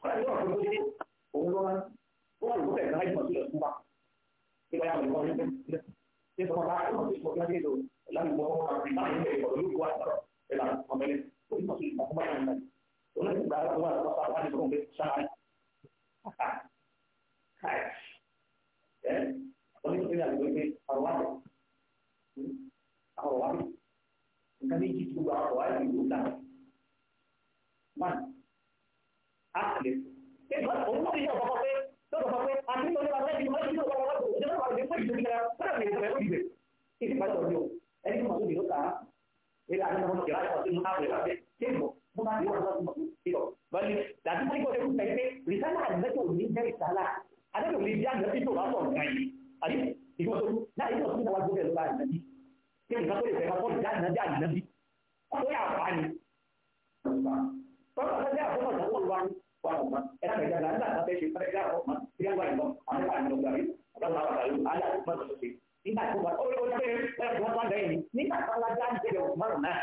后来多少回归，我们说，多少不在人还怎么去了出吧？这个样子，我们这这什么他根本就我们这种，让你我们平常人给我们六万了，对吧？我们我们是我们办的，我们来了五万，我三万就我们上来，哎，哎，哎，我们这样回归二万，嗯，二万。nǹkan méjì tó wà ọ̀ á lè wò ó láti. one á lè fò. ṣé ìgbà òun náà yẹ ọ̀pọ̀ pé lọ́dọ̀ sọ pé àti nígbà nígbà lẹ́yìn ìgbà nígbà ọ̀pọ̀ pé òun náà wà lè fò ìdílé rẹ̀ fẹ́rẹ̀ lè fẹ́ òdìbẹ̀. kí ti pàtó ọdún ẹni tó mọ̀ tó lè ló kà á. ilé àti ọmọ kìlá ìkọ̀ sínú àpò ìlàbẹ̀ ṣé ìbọ̀ mo máa ní ọ̀rọ̀ lọ́sùn mọ̀ bọ́lí làbí tí kò tẹ́kù pẹ̀lú pé rìsálà àdìmẹ́tò ní jẹ́ ìsálà adẹ́tò lè jẹ́ àdìmẹ́tò wà sọ̀rọ̀ náà yìí àdìmẹ́tò náà yìí ọ̀tún náà wà gbọ́dọ̀ lọ́wọ́ àdìmẹ́tò ṣé nǹkan tó lè fẹ́ kọ́ jáde náà jáde náà bí ó yà pa ni. tọ́lá ọ̀sẹ̀ àkókò ìdánwò wa ni wà á mọ̀ ẹ̀ka ìjà náà nígbà tó ṣe fẹ́ jáde ọ̀pọ̀ bí wọ́n wà nìkan àwọn àmì ọ̀gbà rẹ̀ ọ̀gbà wà pẹ̀lú aláàbò nígbà tó wà ó ló dé ẹ̀kọ́ tó ń bẹ̀rẹ̀ ni nígbà tó wá já ń jẹ́ ọ̀gbọ́n náà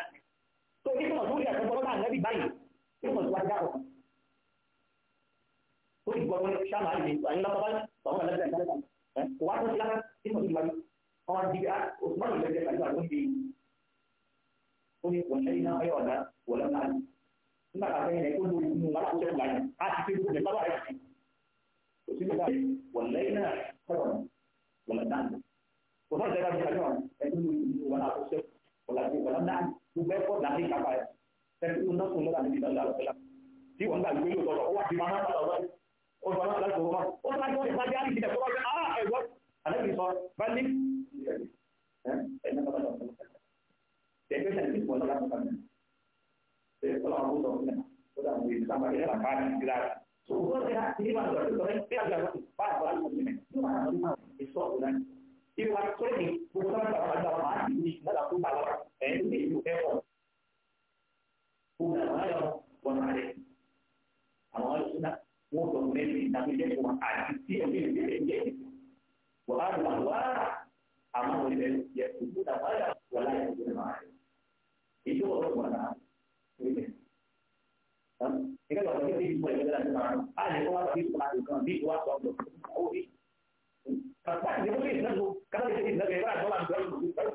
tó ní kí wọ́n tó ń yà sọ́kọ́ lọ́nà àgbẹ̀bí báyìí kí wọ́n tó wá já ọ̀gbọ́n ó ti gbọ́ wọn ṣáà máa ń gbé àyínlá bàbá àwọn ọ̀lẹ́gbẹ̀ẹ́ kó wá tó ti lára kí wọ́n ti gbàgbé kalau kalau pun pun ah, pun pun pun pun pun oh, di, mana oh, oh, tak tak tak tak tak tak jadi ọmọ ti a osùmọ́nù lẹ́jẹ̀ pẹ̀lú àwọn ìdí ó ní wọ́n ṣe iná ọyọ́ tak wọ̀ lọ́nà àlè nígbà tá a fẹ́ yẹn kó lórí inú alákòóso ẹ̀ báyìí a ti fi gbogbo bàbá rẹ̀ sí kò sí bàbá rẹ̀ wọ̀ lẹ́yìn náà sọ̀rọ̀ tak lọ́nà àlè kò sọ̀rọ̀ sẹ́yìn àbúrò náà ẹ̀ tó lórí inú alákòóso wọ̀ lọ́nà àlè gbogbo ẹ̀kọ́ làbí kápá ẹ̀ sẹ́yìn tó náà sọ̀rọ̀ فإنك لا تقول Jadi saya ini buat orang bukan. Jadi kalau aku tahu ini, sudah mungkin sama dia lah kan tidak. Semua dia ini mana berarti orang dia ada pada orang ini. Itu mana lima besok bulan. Di waktu ini bukan kalau ada orang ini, tidak aku tahu orang. Eh ini itu effort. Bukan ada bukan ada. Awal sudah mau domain tapi dia cuma ada. Dia dia dia dia. Bukan bahwa àmọ́ orí rẹ̀ yẹ kókó dàgbà yà wà láyé tó lè máa rẹ̀. Èyí wọ̀ lọ́wọ́ náà orí rẹ̀. Ìgbà tó wọ́n ti bọ̀ ìgbà tó máa rán. A lè kọ́ wá sí ìtura nìkan bí ìtura tó ọ̀dọ̀ owó rí. Kàtà ìdílé wọlé ìsinmi kàtà ìdílé ìsinmi ìwà àgbọ̀lá ìgbọ̀lá ìgbọ̀lá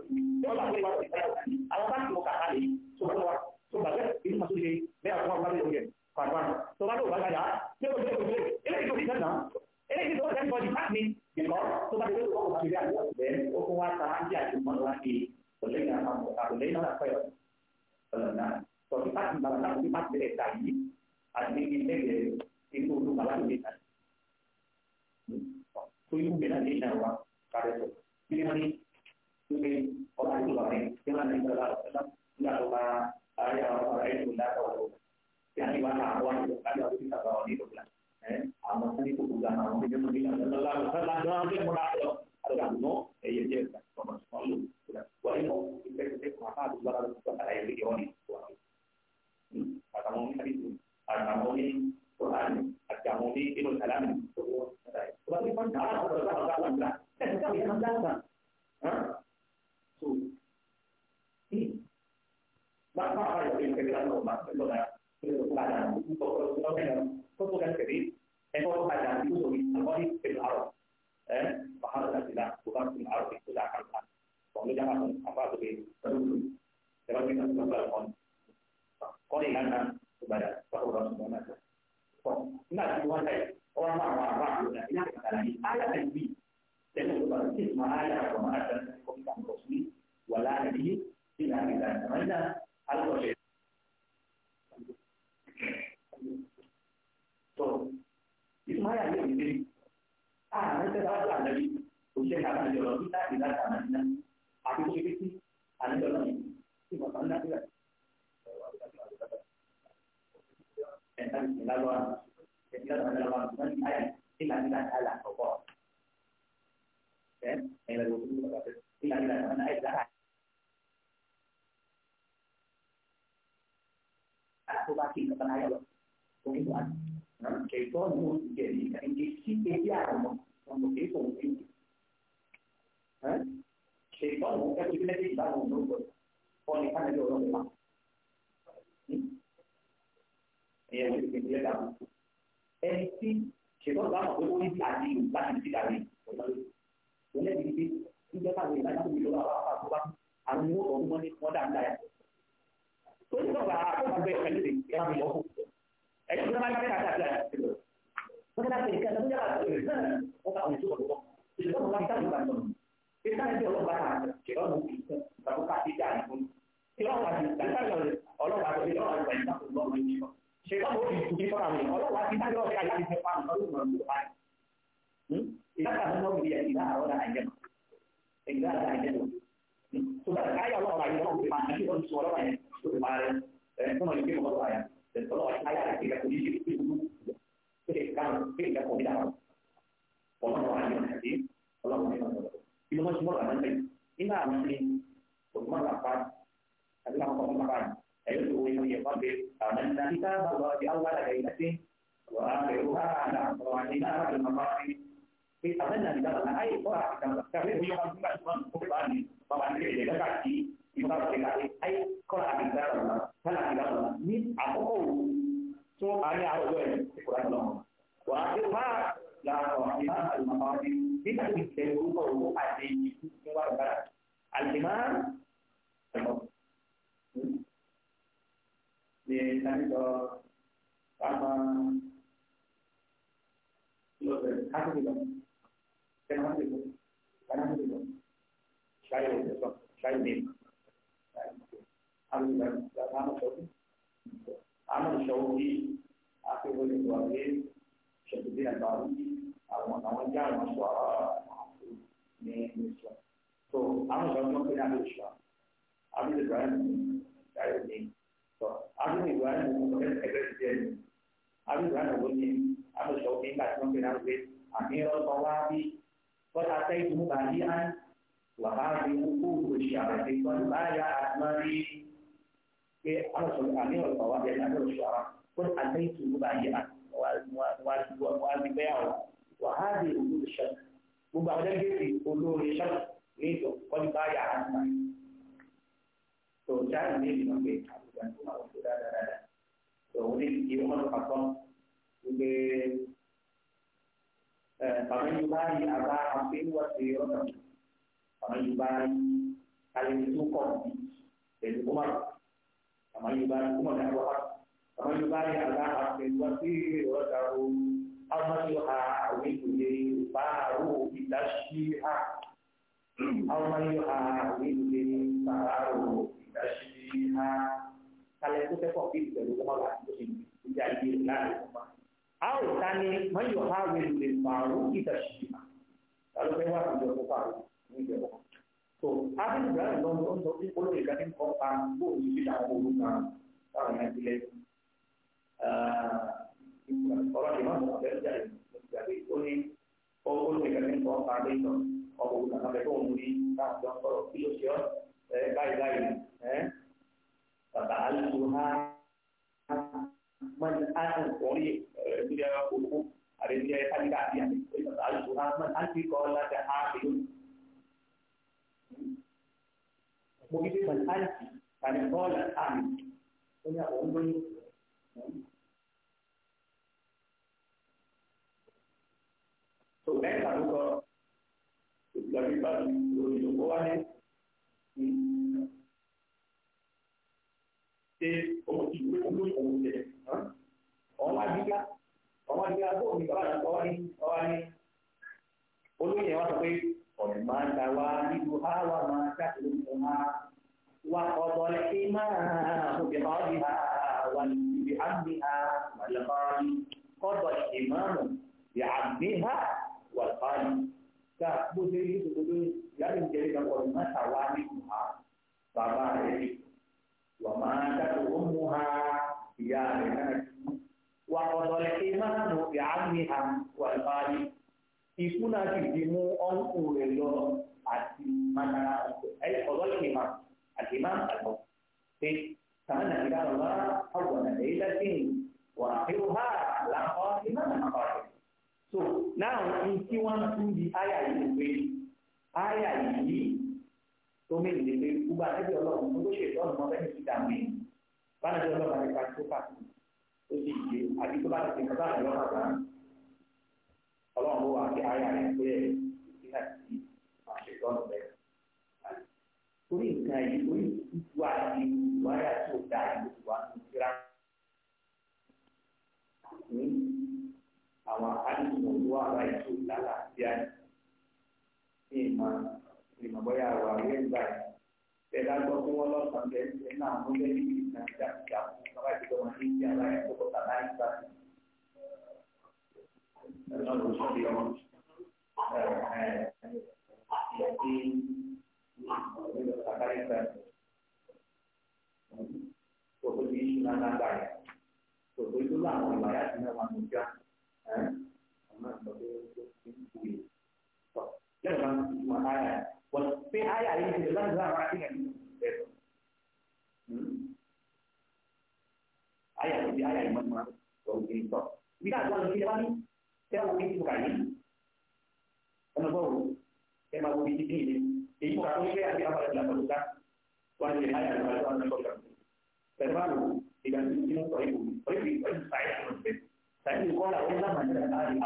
ìgbọ̀lá ìgbọ̀lá àwọn bá tìmọ̀ kàtà lè so fún wa so gbàgbé ìlú màtó lè bẹ́ẹ̀ àwọn ọmọ bá lè lè kàtà. Tọ́lá ló bá gbàdá, ṣé o ṣe o ṣe, ilé ìjọba ìjọba náà. Anything that anybody happening, because somebody will talk about Syria, then open one time, yeah, you want to like it. So later, I'm going to have to Kalau nak, so kita tinggal nak kita tidak tadi, ada ini lagi itu untuk malah kita. So itu beda ni nawa karya tu. Jadi ni, jadi orang itu lah ni, jangan ni kalau dalam dalam rumah ayah orang lain pun dah tahu. Yang ni mana orang itu kan harus kita tahu ni tu lah àwọn tó ní kò gbogbo àwọn ọmọ ìjọba ìlànà lọ́la lọ́la lọ́la ní múra lọ àti àgbọ̀n ẹ̀yẹ jẹ́ ìgbà ọmọ ìṣọ́ lò wọ́n ní mọ̀ ìfẹ́sẹ̀fẹ́ kan àbá àdúgbò ara lọ́sọ̀ àlàyé lórí wọn ní ìwà àtàwọn oní àdìsí àtàwọn oní kòránì àti àwọn oní inú ìsàlámì tó wọ́n ṣàlàyé. tó bá ní fọ́nà àwọn ọ̀dọ́ sáwọn ọ̀gá wọn gbà ẹ̀sìn káwé yẹn máa ń dá Bàbá àwọn ìwé ìfẹ́ pero para un poco no menos poco que pedir es poco para un uso mismo no es el aro eh bajar la ciudad jugar con aro que la carta cuando ya más capaz de pero se va a quitar con la con con el gana para para una semana bueno nada igual ahí o vamos a hablar de la idea de la idea de Al-Bukhari. Tapi apa yang dalam ayat orang kita baca, tapi dia orang juga parí ní ìjọba. tó ábí ìgbà ìlọ́ńtọ́ sọ pé olóògbé ìgbà ní kọ́ pa bóòlù sí àwọn olùkọ́ àwọn ẹgbẹ́ pé tó lẹ́yìn tàbí sọ ìgbàgbé bá ti lórí ìlú wá ní ṣe òun ti gbé owó òun jẹ ọwọ́ àdígbà ọwọ́ àdígbà tó ní bàbá àti ọwọ́ ní ọwọ́ ní olóyè wa sọ pé ọ̀rẹ́ máa ń ta wá nínú àwa máa ń ṣàkóso wa wá ọ̀dọ̀ ẹ̀ máa ń ṣe máa ń ṣe máa ń ṣe máa ń ṣe. بأمها والقال قضى الإمام بعمها والقال كأبو زيد يقول لم جريد ما توالدها فبارك وماتت أمها يا بنات وقضى الإمام بعمها والقال ikú náà sì ti mú ọ́nkù rẹ̀ lọ àti màtàrà ọ̀dọ́ ìmọ̀ àti ìmọ̀ àgbọ̀ pé كان إلى الله أول ليلة وآخرها لقى إمام مقاتل So now in tí wọ́n tún di àyà yìí pé àyà yìí tó méjì lè pe gbogbo àtẹ́bí ọlọ́run tó ṣe ìtọ́nù mọ́ bẹ́ẹ̀ ti dàmú yìí bára jẹ́ ọlọ́run àti pàṣẹ pàṣẹ ó sì yé àbí tó bá ti tẹ̀sán bára lọ́wọ́ àgbà ọlọ́run ló wà á fi àyà yìí pé ẹ̀ ìdílé àti pàṣẹ ìtọ́nù bẹ́ẹ̀ torí nǹkan yìí orí ìtútù àti ìwáyà tí ó dáa yìí ló wà ní ìtura ní àwọn àdìsùn òwò àbá ètò lálàáfíà ní ìmọ̀ ìmọ̀ bóyá wà lóyún gbà yìí bẹ́ẹ̀ lágbọ́ pé wọ́n lọ́sàn bẹ́ẹ̀ ní ẹ̀ka àwọn ọmọdé ní ìgbà ìjà ìjà fún bàbá ìjọba wọn ní ìjà láyé tó kọta láyé gbà sí. Ẹ̀rọ ló sọ̀rọ̀ yọ Afghanistan. Proposition alágbára. Gbogbo ìlú làwọn ìbáyà ti náà wọn níjà. Ọmọ ìgbà tó ń bu yìí. Lẹ́yìn náà ti mọ àyà. Wọ́n pé àyà yìí ti lè láti láwọn akéèyàn ní ìlú Àyà yìí àyà yìí mọ́tò máa sọ òkè sọ. Bí káàtó wọn lọ sí ẹwà ní tẹ́wọ̀n kí ti bùkà yìí. Ẹ máa gbọ́ wo? Ẹ máa wo ibi dídì yìí. Y por aquí que había para la facultad, cuando le haya la facultad de cosas. Hermano, y la institución por ahí, por ahí, por ahí, por ahí, por ahí, por ahí, por ahí, por ahí,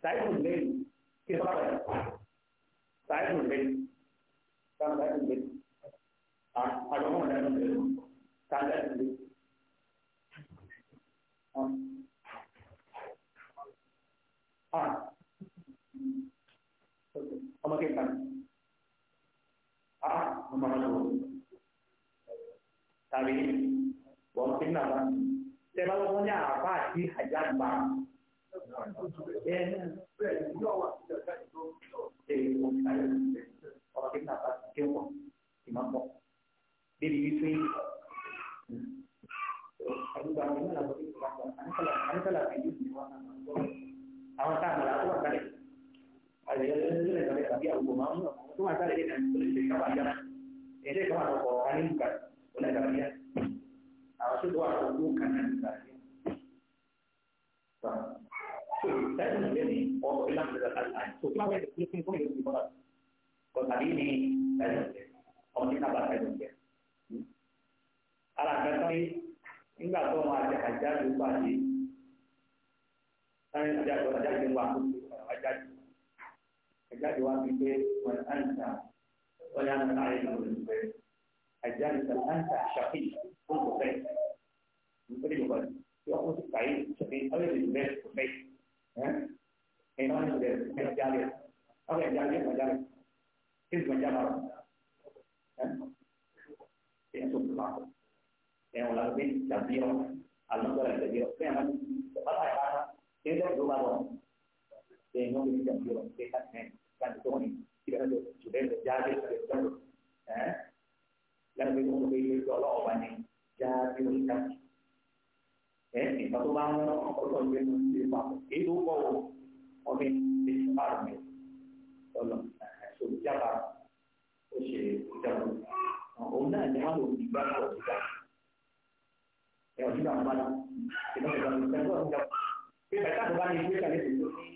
por ahí, por ahí, que para Saya mungkin, kan saya mungkin, ah, aku mau ada mungkin, kan saya mungkin, ah, ah, oke, oke, kan ah nomor satu tapi walaupun apa saya maunya apa sih hajar bang Orang kita tak kira, imam kok. Di sini, kalau kami lah beri kepada anda lah, anda lah beri Awak tak melakukan kali. Ada yang lain lagi, tapi aku mahu cuma saya tidak boleh cerita panjang. Ini cuma ada korban bukan, boleh tak dia? Harus itu hmm? aku bukan yang bukan. Saya kemudian ini, oh hilang dari Al-Quran. So, pun itu dibuat. Kalau tadi ini, saya Kalau kita bahas saya juga. ini, enggak tahu ada hajar, lupa sih. Saya tidak tahu hajar, lupa ẹ̀jáde wá fi pé wọ́n á ń ta wọ́n yá ń ta ayé lọ́wọ́ lórí pé ẹ̀jáde ta á ń ta ṣàkí fún kò fẹ́ nítorí ìwọ̀n tí wọ́n kó sí kàyé ṣàkí ọ̀rẹ́ ìlú bẹ́ẹ̀ kò fẹ́ ẹ̀yìn wọn ìlú bẹ́ẹ̀ ẹ̀jáde ọ̀rẹ́ ẹ̀jáde ẹ̀jáde kí ni ìjọba rẹ̀ ẹ̀ ẹ̀ tó tó máa kọ́ ẹ̀ wọ́n làwọn gbé tàbí ọ̀ àlùkọ́rẹ̀ tàbí ọ̀ bẹ́ẹ̀ máa ń bá Cantoni, tirando studenti già che stanno eh la vengono dei loro giovani già più ricchi eh e fatto va un po' che non si fa e dopo ho che si farme solo sul già o si già o una già lo di banco di già e oggi da mano che non è stato che per caso va in questa che si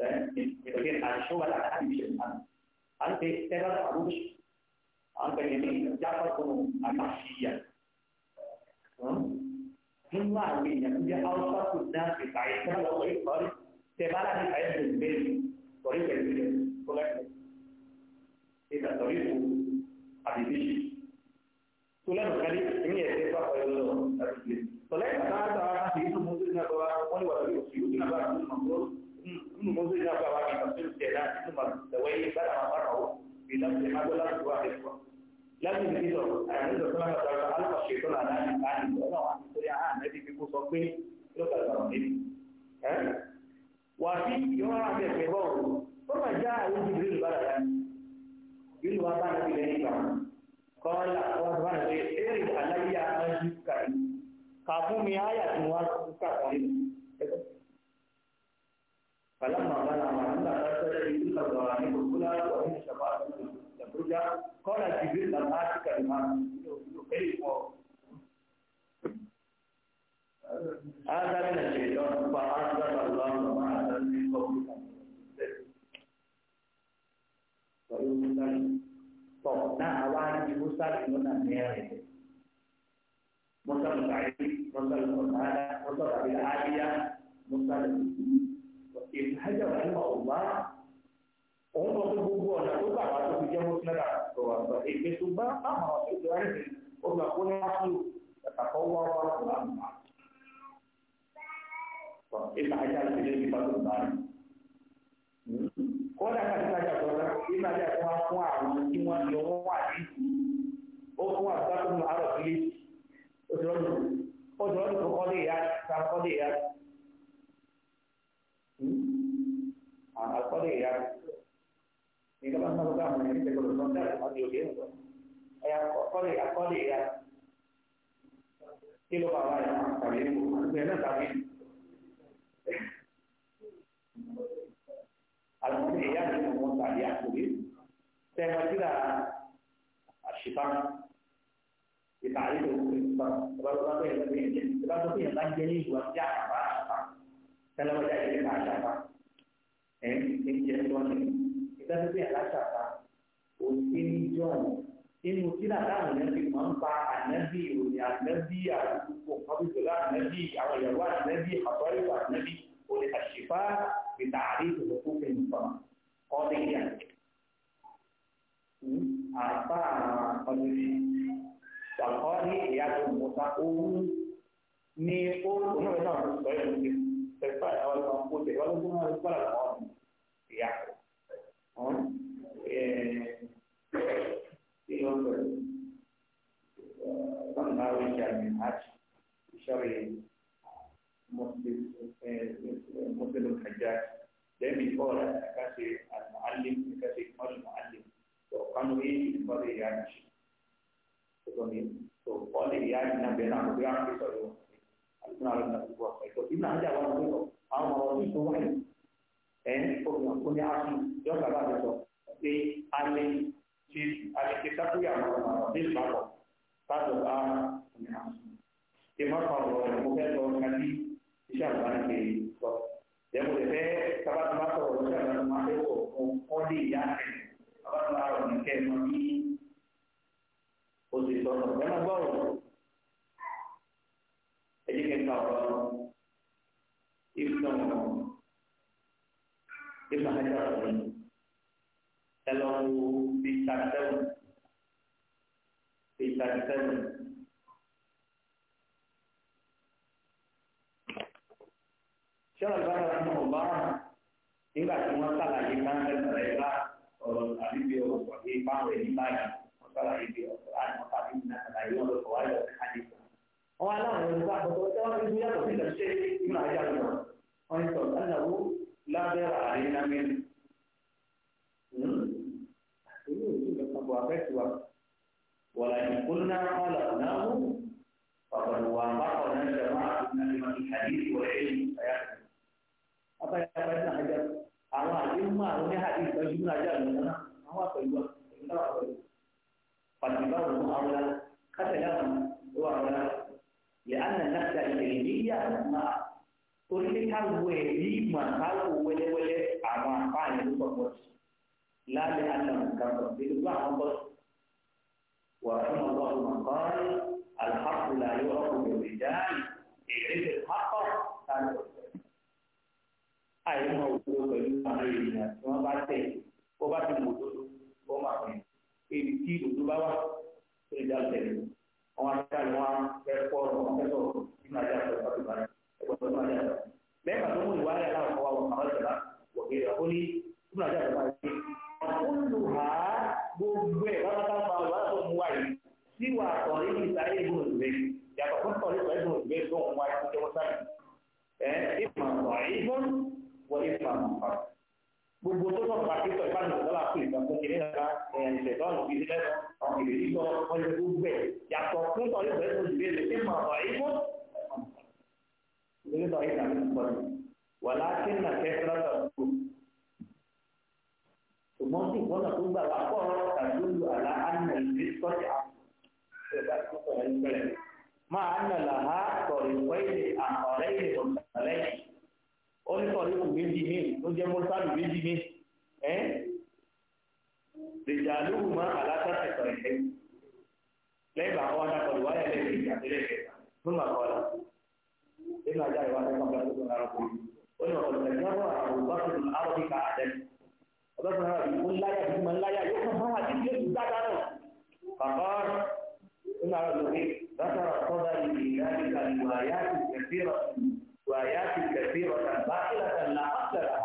Again, I'll show what I have in I'll say several arush. I'll say maybe Jafar Kuno Amashia. Nínú àwọn èèyàn ń jẹ́ Hausa kò náà ti báyìí tí wọ́n lọ́wọ́ ìkọ́rí tẹ bá láti báyìí tó ń bẹ́ẹ̀ ni kọ̀rí pẹ̀lú rẹ̀ kó lẹ́kọ̀ọ́. Ìgbà sọ̀rí ìfò àdìdíṣì. Tó lẹ́nu kan ní ìpínlẹ̀ ẹ̀dẹ́ bá ابن مزيد نبع عن مسؤول الإعلام ابن مزيد بدأ مرة في لفظ حاجة لفظ واحد لكن كده أنا نزل سمعنا تعالى ألقى الشيطان على عن عن وأنا عن سوريا عن نبي بيكون صفي لقى الغرامين ها وفي يوم عند الكبار ثم جاء جبريل بلدا يقول وأنا في ذلك قال وأنا في إرد علي ما جبتني كافوا مياه يا جماعة كافوا فلما بلغ أن رسل تلك الظواهر الأولى وهي الشفاعة تبرجا قال جبريل لم آتك بما هذا من الشيطان فأنزل الله ما أنزل من قبلك pẹ̀lú musa tọ̀ náà wá ní musa lọ́nà mẹ́rin musa lọ́nà mẹ́rin musa lọ́nà mẹ́rin musa lọ́nà mẹ́rin musa lọ́nà mẹ́rin. Ibn Hajar rahimahullah òun sọ pé gbogbo ọ̀nà tó gbà wá tó fi jẹ́ mọ́sílẹ́dà sọ̀rọ̀ àgbà èké tó bá àwọn ọ̀sẹ̀ tó rẹ̀ sí ó gbà kó ní ápùlù ẹ̀kàkọ́ wá wá kó láàmà. Ibn Hajar ti lé nípa tó bá rẹ̀. Kọ́dà kàtí Hajar sọ̀rọ̀ Ibn Hajar tó wá fún àwọn tí wọ́n ti ọwọ́ wà ní ó fún àgbàkùnrin àrọ̀ sílé ó ti rọ́dùn ó ti rọ́dùn kọ́lé ìyá Al-Qadhi ya. Ini kan satu kamu ini kita belum nonton audio dia. Ya, Al-Qadhi, Al-Qadhi ya. Kilo bawa ya, kami ini bukan kami. Al-Qadhi ya, ini ngomong tadi aku ini. Saya kira Asyifan kita itu sebab sebab apa yang terjadi sebab itu yang terjadi buat jahat kalau baca ini bahasa apa? Eh, ini jenis Kita tu yang bahasa hmm, apa? Usin John. Ini mesti nak tahu nanti mampa nabi, yang nabi, aku habislah nabi, awal awal nabi, habislah nabi. Oleh asyifa, ditarif hukum insama. Kau tinggal. Apa kondisi? Kalau ini ia bermuka umum, ni pun, ini benar, saya mungkin prepara o algo más fuerte, o algo más para la mano, viaje. ¿No? Eh, sí, hombre. Cuando me hago ya mi hach, ya vi مسجد الحجاج دائما يقول كاسي المعلم كاسي يقول المعلم وقالوا ايه يقول يعني شيء تقول ايه تقول يعني نبي نعم بيعمل يسوي àdúgbò àwọn ọmọ ìgbà ẹ̀kọ́ ìgbà àti àwọn ọmọ ìgbà àwọn ọmọ ọdún tó wáyé ẹ̀ ń fọwọ́ fún ní aṣọ yọ bàbá mi sọ pé alẹ́ ti alẹ́ ti sákúyà àwọn ọmọ ọdún ìgbà lọ sábà bá ní aṣọ. ṣé má fa ọ̀rọ̀ ẹ̀ mo fẹ́ lọ kájí iṣẹ́ àgbà ń ẹ̀jẹ̀ kẹta ọ̀rọ̀ ìfúnà ìfúnà ẹ̀jẹ̀ ọ̀rọ̀ yìí ẹlọ́wọ́ bíi thirty seven bíi thirty seven. sọ́la ìbára ọ̀nà ọ̀bá nígbà tí wọ́n sàlàyé káńtẹ́ sàlàyé bá ọ̀rọ̀ àbíbi ọ̀rọ̀ ìbáwẹ̀ nígbà yìí wọ́n sàlàyé bí ọ̀rọ̀ àti wọ́n sàlàyé bí ọ̀rọ̀ àti wọ́n sàlàyé bí ọ̀rọ̀ ọwọ́ aláwọ̀ ẹ̀rọ bá àkọ́kọ́ tí wọ́n fi yàtọ̀ sí ìdàṣẹ́ nínú àyà lọ wọ́n ń sọ lánàwó lábẹ́rẹ́ àárín námẹ́rin. Hmm, àtúnyẹ̀ òjú kankan bọ̀ abẹ́ tiwa wọ̀lá ìkúnná ọ̀là náwó pàpàlùwà bákọ̀ náà jẹ̀mọ́ àtúnyẹ̀ àdìsí wọ̀lẹ́ yìí àyà. abáyá abáyá náà ajá àwọn àdéhùn àrùn ní àdìsí ìtọ́jú nínú àyà lọ náà àwọn àpẹ̀lú àpẹ̀lú náà pàtìbáwò àwọn kátẹ̀lẹ́ àwọn ìwà àwọn لأن النفس العلمية ما أريد ويلي ما قال ولا ولا أما قال فقط لا لأنه كفر بالله فقط ورحم الله من قال الحق لا يعرف بالرجال اعرف الحق كان أي موضوع pẹ̀lú àwọn ènìyàn tí wọ́n bá tẹ̀ ó bá ti mọ̀ tó ló ó máa orang na semua telefon, orang itu lima jam atau satu jam, atau Mereka semua dua yang tahu bahwa orang kita wakil aku ni lima jam atau satu jam. Kulluha bubwe kata siwa tori pun tori saya cuma Eh, gbogbo tó sọ̀rọ̀ pàkítọ̀ ìbánu ìdọ́là fún ìgbàgbọ́ kìíní nípa ìṣẹ̀dọ́nù ìdí lẹ́sọ̀ ọ̀gbìn ìdí sọ wọ́n ti gbogbo ẹ̀ yàtọ̀ fún sọ ìgbẹ́ tó ti lé ní mọ̀ ọ̀rọ̀ ìbò ìdílé sọ ìgbà mi pọ̀ ní wà láti nà kẹsàn-án sọ̀rọ̀ ṣùgbọ́n tí ìfọ́nà tó gbà wá pọ̀ tàdúlù àlá ànà ìdí sọ́ọ̀tì àpò máa ànà làhá sọ̀rọ̀ ìfọ́ ó ní sọ̀rọ̀ méjì ní ló jẹ́ eh. méjì ní ẹ́ lèjà lóhùn máa àlátàtà ìsọ̀rọ̀ ìṣẹ́ lẹ́yìn bá wọn dákọ̀ lù wáyà lẹ́yìn ìjà tẹ́lẹ̀ kẹta fún bàbá ọ̀la nínú ajá ìwà tẹ́kọ̀ bá tó ó ní ọ̀pọ̀lọpọ̀ wọn àwọn olùbá tó láyà bí láyà yóò fún وآيات كثيرة باطلة لا أصل لها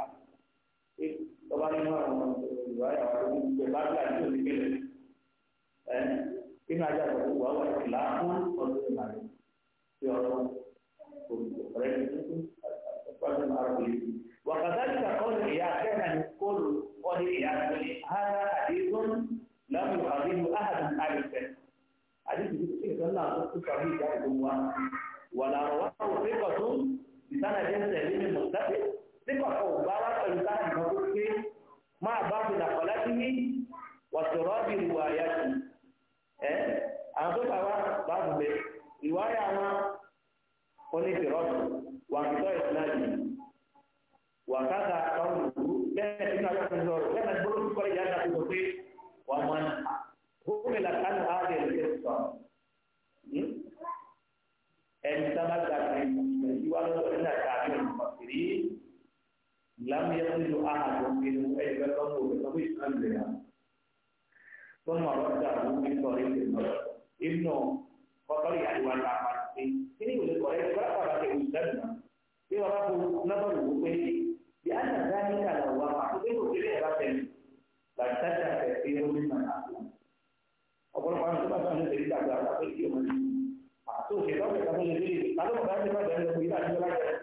طبعا الرواية بعض الأحاديث ذكر كما جاء وهو إخلاف قول المعلم في وكذلك قول إياه كان يقول قول إياه هذا حديث لم يخرجه أحد من أهل العلم حديث كثير لا تصدق به ولا رواه ثقة ìtànà jẹ́ tẹ̀lé ní mọ̀tàbí nípa kò bá wá pẹ̀lú táàbì kan tó pé máa bá fi làpọ̀ láti ní wàtòrọ́ bí ìwà àyà sí ẹ́ àwọn tó bá wá bá fi bẹ̀ ìwà àyà wọn onítìrọ́ wà nítọ́ ìsìláàjì wà káta àwọn òkú bẹ́ẹ̀ tí kájọ́ fi sọ̀rọ̀ bẹ́ẹ̀ tí gbọ́dọ̀ kọ́ ìyá àti sọ pé wà mọ́ ní gómìnà wani wadanda kafin masiri lam ya fi yi aha don gini ai ga kanko da kabo islam da ya sun marar da rubin tori da mara ibnu kwakwari a yiwa ta masu kini wuli kwarai da ba ba ke ustad na sai wa rafu na bari gobe bi an na zani ka da wa ma su zai tó ṣe lọ́sẹ̀ kan tó ṣe lé tàbí ọ̀gá ti má bẹ̀rẹ̀ lọ́kùnrin láti lọ́la jẹ́.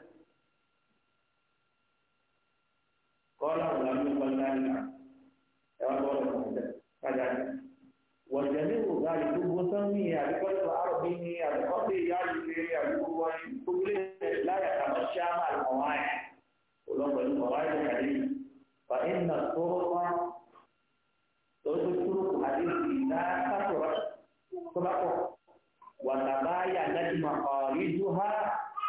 kọ́lá ọ̀la ló ń kọ́lá ní ẹ̀wọ̀n tó ọ̀rọ̀ kan tẹ̀ kájà ní. wọ́n jẹ́ ní òògùn àyè gbogbo sánmi àdìkọ́tò àròbí ni àdìkọ́tò ìyá àdìkọ́ àdìkọ́tò àdìkọ́tò láyà àmọ́ ṣáà máa lọ́wọ́ àyè. olóńgbò ní kọ̀ọ̀ ìlú ha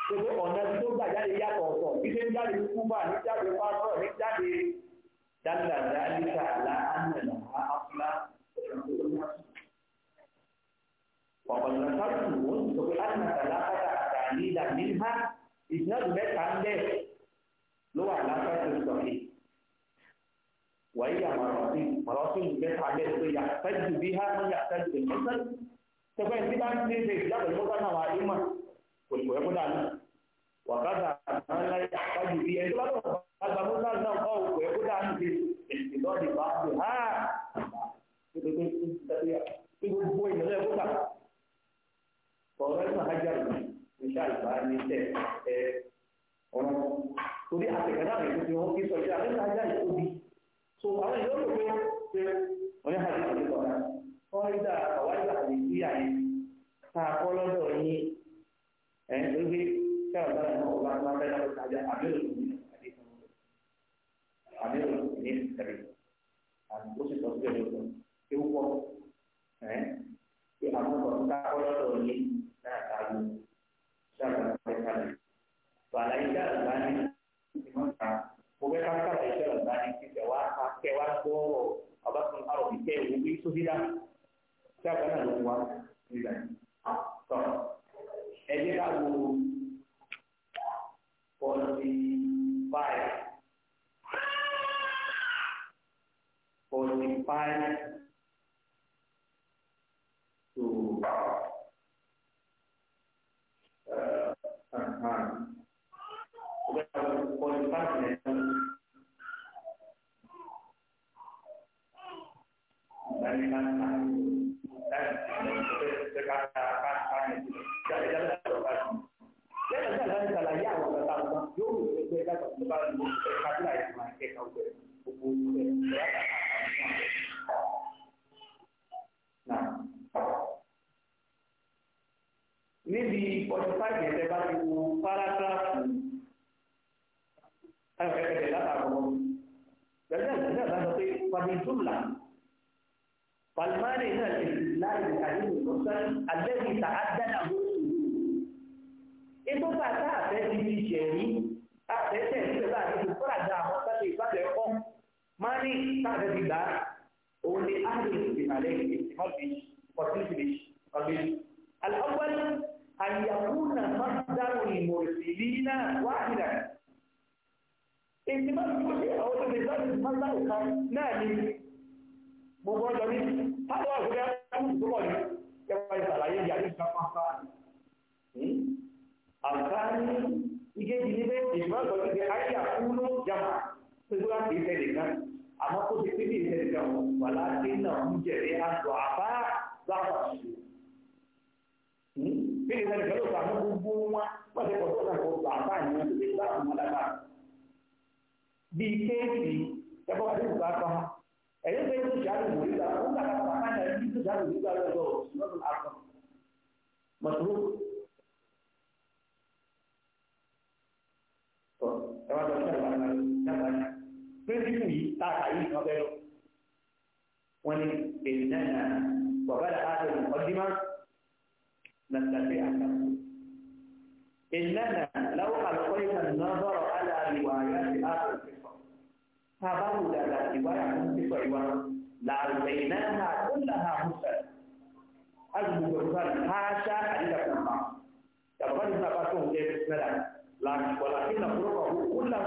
tó pé ọ̀nà tó gbà jáde yàtọ̀ ọ̀tọ̀ ìṣe ń jáde kúmbà ní jáde pásọ̀ ní jáde dáadáa níta àlá ánàlá afúlá ọ̀pọ̀lọpọ̀ sábà wò ó sọ pé ánàlá lápáta àtàlí ìlà níhá ìsinádùn mẹ́ta ń bẹ̀ ló wà lápáta ìsọ̀kè وهي مراسيل مراسيل بيت عليه يحتج بها من يحتج بالمثل تفهم كده عن ايه ده لا بالمثل انا وعلمه kò ní kò yẹ kó dànù wàkàtà máa ń láyé àpájù bí ẹni tó bá tọ̀ àgbà mú náà náà kọ́ kò yẹ kó dànù bí èsì lọ́ọ̀dì bá ti hà pé gbogbo ìmọ̀lẹ́ kó dà kọ̀ọ̀rọ̀ ẹ̀ máa hájà rẹ̀ níṣẹ́ àgbà ní tẹ̀ ẹ̀ ọ̀nà torí àtẹ̀kẹ́ náà rẹ̀ tó fi wọ́n kí sọ ìṣẹ́ àgbà hájà ìkóbi so àwọn ìyọ́ tó pé wọ́n ní hájà ìkóbi kọ̀ọ̀rọ̀ kọ́ eh lebih kalau ada mau orang orang ada saja ambil tadi ambil ini tadi aku sih tahu dia itu itu kok eh di aku baru tak kalau ini nah kayu saya katakan balaika bani dimana bukan kata itu bani si dewa kewan boro abang mengarut itu itu sudah saya akan lupa tidak ah so ẹni ká wo forty five forty five to uh, uh, uh, forty five lẹ́nu. Dari kan, dari dekat dekat kan, jadi jadi bá ń lò ẹ kábílà yìí máa kẹ ká wẹ gbogbo ẹ ìyá kàkà náà. níbi forty five yẹn tẹ bá ti wo párágráfù ẹ̀ẹ́dẹ̀ẹ́dẹ̀ látàkọ́ gbẹ̀gbẹ́ ìgbẹ́gbẹ́ bá sọ pé pàdéjúmùlà palmari náà lè fi láàyè àdéhùn lọ́sán àlẹ́bí ta àdánà lóṣù. Epo ti fi ṣẹ̀rí àfẹ́tẹ̀ Money started with that. Only ahli bin alayhi ihtimal bihi وفيه به قبل الأول أن يكون مصدر المرسلين واحدا احتمال كل أو المثال مصدر نامي مبادر هذا هو الأول كما يسأل يعني كما الثاني يجي يجي يجي يجي يجي يكون جماعة pẹ̀lú àti ìtẹ̀lẹ̀ náà àmọ́ kó ti pín ní ìtẹ̀lẹ̀ náà wọ́n wà láti náà ń jẹ̀rẹ̀ àjọ àbá láwà sí i. bí ìtẹ̀lẹ̀ náà ló fà mọ́ gbogbo wọn wọ́n ti pọ̀ tó náà kó gbà àbá ìyẹn tó lè gbà àwọn dàgbà. bí kéèkì ẹ̀fọ́ àti ìgbà pa ẹ̀yẹ́ pé kó ṣàlù wò nígbà wọ́n gbà ká bàbá náà ní kó ṣàlù nígbà lọ́dọ̀ ọ̀sùn lọ́dún fífù yìí tààtà yìí وان اننا lọ. wọ́n المقدمه èyí náà bàbá إننا لو ألقيت النظر على روايات آخر القصة فبعد على رواية القصة لألقيناها كلها مسلم أجل القرآن حاشا حديث ابن عمر يقول ابن عباس لكن ولكن فرقه كله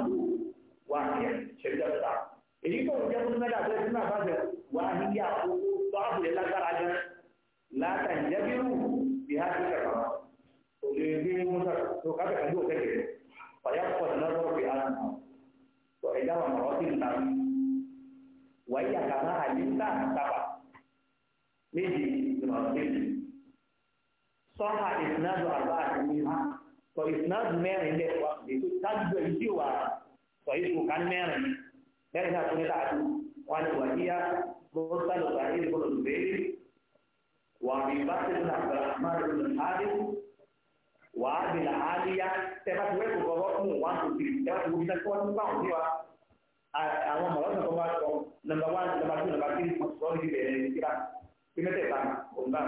واحية شركة بتاعته اللي يقول جاب لنا ده ده ما بعد وهي ضعف للأكثر عجل لا تنجبروا بهذه الكرامات ويجي موسى وقابل عنده كده فيبقى النظر في أمامه وإلى مرات النبي وهي كما علمت سبع نجي مرتين صح إسناد أربعة منها فإسناد ما عنده وقت تجد الجوار صحيح مكان ميرن لكن هناك تعدو وأنا وهي مرسل سعيد بن الزبير وأبي بكر بن عبد الرحمن بن الحارث وأبي العالية تبات وين وقرأوا وأنتم في تبات وين تكون بعض àwọn ọmọlọ́wọ́ tó bá sọ nọ́mbà wán nọ́mbà tó nọ́mbà tí mo sọ ní ìbẹ̀rẹ̀ ìkíra bí mẹ́tẹ̀ ta òǹgbà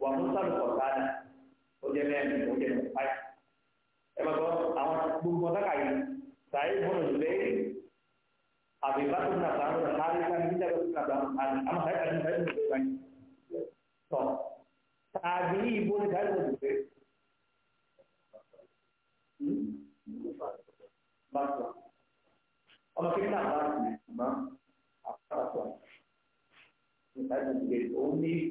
wà mú sábà kọ̀ sáadà ó jẹ́ mẹ́rin ó jẹ́ mẹ́rin báyìí ẹ Saya bin Zaid, Abi Bakr bin Abbas, Harith bin Hijab bin Abbas, Am saya bin saya bin Zaid. So, Tabi bin Zaid bin Zaid. Basra. Ama kita Abbas ni, Saya Basra. Zaid bin ni,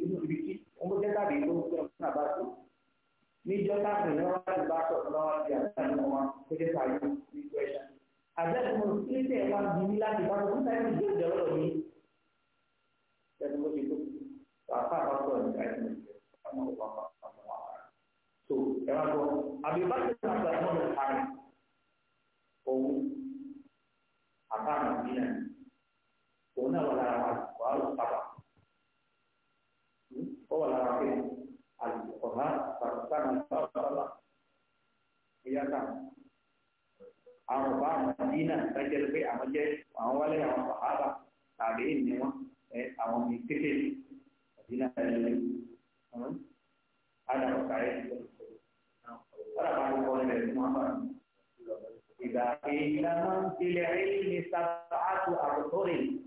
Umur dia umur saya tadi umur bin Abbas níjọ́ táàbù ní wọ́n ti bá sọ̀rọ̀ lọ́wọ́ àti àtàlù wọn tó dé pàyọ ní kwẹ́sà. àbẹ́rẹ́ mo ti tẹ̀ wá bí mi láti bá wọn níta ní ìjọ ìjọ lọ mi. ẹni mo ti tó àfa àwọn sọ̀rọ̀ níta ní ìjọ ọmọ ọmọ ọmọ wa. so ẹ wá gbọ́ àbíbáṣe náà gba ẹ̀mọ́ mi parí òun àbá mi bí náà òun náà wà lára wà lọ sábà hmm? ó wà lára pé. Nah, Pakistan masalah iya kan? Arba Madinah saja lebih amat awalnya awal sahabat tadi ini mah, eh awal mikir Madinah ini, ada perkara ada banyak orang yang semua tidak ilaman fil ilmi sab'atu abdurin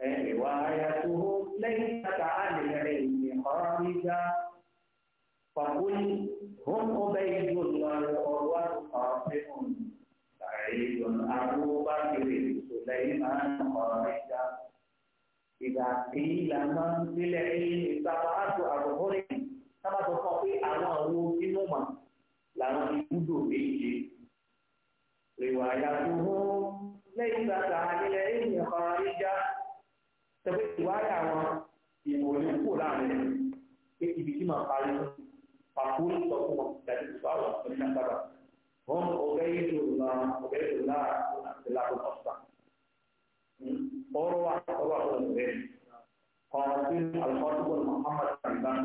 eh, riwayatuhum laysa ka'al ilmi kharija فقل هم عبيد الله وقاسم سعيد أبو بكر سليمان خارجة إذا قيل من في العلم سبعة أبهر كما تقول أنا أروح نوما لما يبدو به روايته ليست عن العلم خارجة تبقى رواية ìmọ̀ ní kò láàrin ibi tí màá parí fún Fakuri sọ fún wọn ìdájí tó sọ̀rọ̀ ní àgbàdo. Wọ́n ọ̀gẹ́ ìlú náà ọ̀gẹ́ ìlú náà àti lágùn ọ̀sà. Ọ̀rọ̀ wa ọ̀rọ̀ wa lọ́nà rẹ̀. Kọ̀ọ̀rọ̀ sí Alfọ́dúgbọ̀n Muhammad Sàlìbán.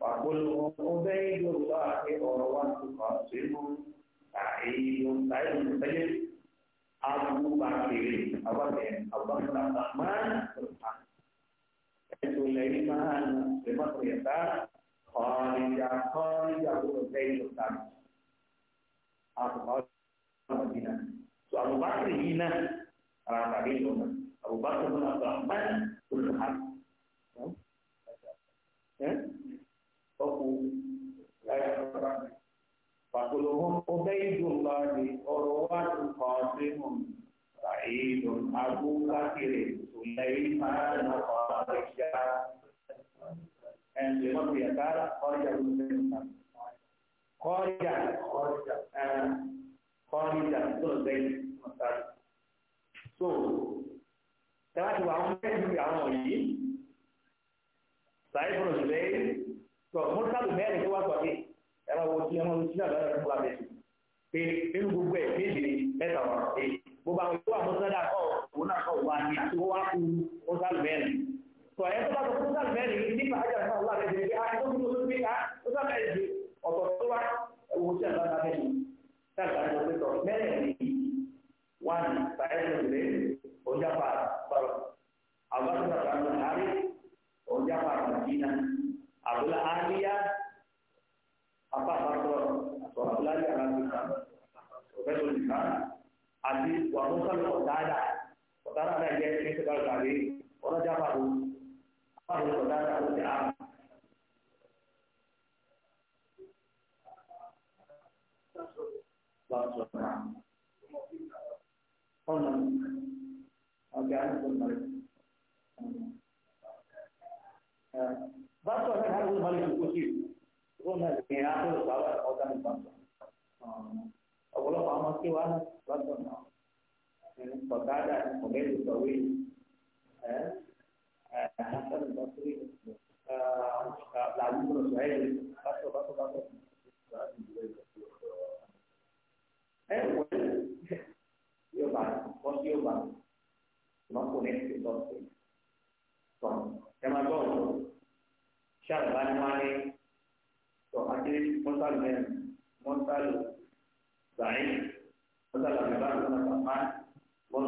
Fakuri wọn ọ̀gẹ́ ìlú náà àti ọ̀rọ̀ wa ti kọ̀ sí mú tàìlù tàìlù tẹ́lẹ̀. Abu Bakiri, abangnya, abang Rahman, Tuhan. Itu lima, lima ternyata خارج خارج أبو زيد الثاني أصحاب المدينة فأبو بكر هنا على سبيل الأمة أبو بكر بن عبد الرحمن بن الحق أبو فقلهم عبيد الله عروة قاسم سعيد أبو بكر سليمان قاسم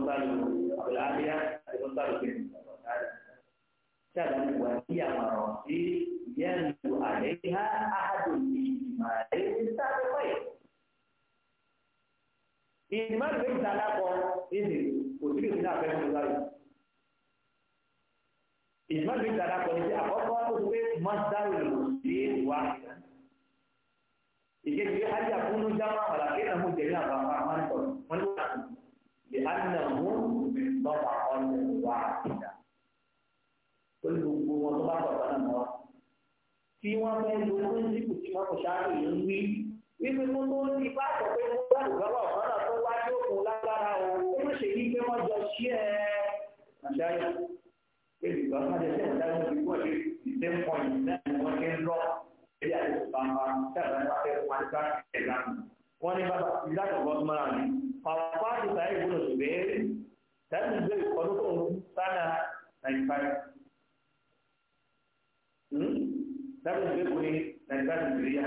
Musalim Abdul Aliyah dan Musalim bin Jalan wahia marosi yang alaiha ahadun imanin satu baik. Iman bin Salakon ini, usri kita akan mulai. Iman bin Salakon ini apa-apa usri masdarul muslim wahidah. Ike dia hanya bunuh jamaah, walaupun namun jadi apa-apa لأنه ضبع واحدة كل قوة ضبع واحدة tí wọ́n fẹ́ lo píríncípù tí wọ́n kò ṣáájú yìí ń wí wípé mo tó ní ipá àtọ̀ pé mo bá lùgbọ́n wà fọ́nà tó wá ní òkun lágbára o ó ló ṣe yí pé wọ́n jọ ṣí ẹ àṣàyà pé ìgbà wọn jẹ sẹ́yìn dájú ní ìgbọ́n ṣe ìṣe ń pọ̀ yìí náà ni wọ́n ṣe ń lọ ẹ̀yà ìṣèpamọ́ sábà ń wá fẹ́ wọn wọ́n ní bàbá ìdájọ́ bọ́ mọ́ra ni pàpà ìgbà ìgbónà tó bẹ́ẹ̀rẹ̀ tẹ́lẹ̀ ìgbé ìkọdún tó ń sáná 95 hmm? tẹ́lẹ̀ ìgbé ìkọdún 95 nàìjíríà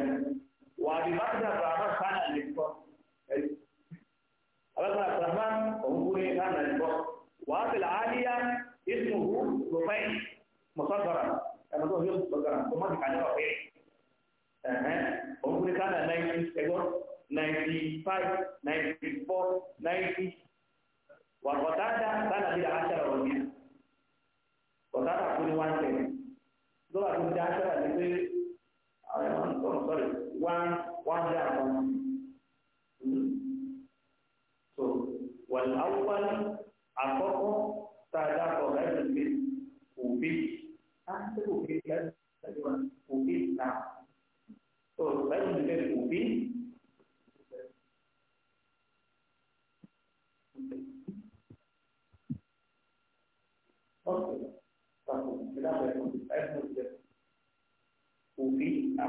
wà á di bákìtà àbúrámà sáná lẹ́kọ́ abẹ́kọ̀ọ́ àbúrámà òun kú ní sáná lẹ́kọ́ wà á tẹ̀lé àlíyá ìsìnkú rọ̀fẹ́ mọ̀sọ́sọ́ra ẹ̀mọ́ tó òun kú ninety five ninety four ninety wàkọ̀tàdà bánà bí aṣọ àwọn ọ̀gbìn kọ̀tàdà kú ní one ten lọ́wọ́ àti ní aṣọ àti pé àwọn ẹ̀wọ̀n sọ̀rọ̀ sọ̀rọ̀ one one hundred and one so wàl awúwálì àkọ́kọ́ tàdà kọ̀ọ̀dà ẹ̀sìn pé òbí àti òbí ẹ̀sìn òbí náà so ẹ̀sìn pé example, I know five months left. Òbí à.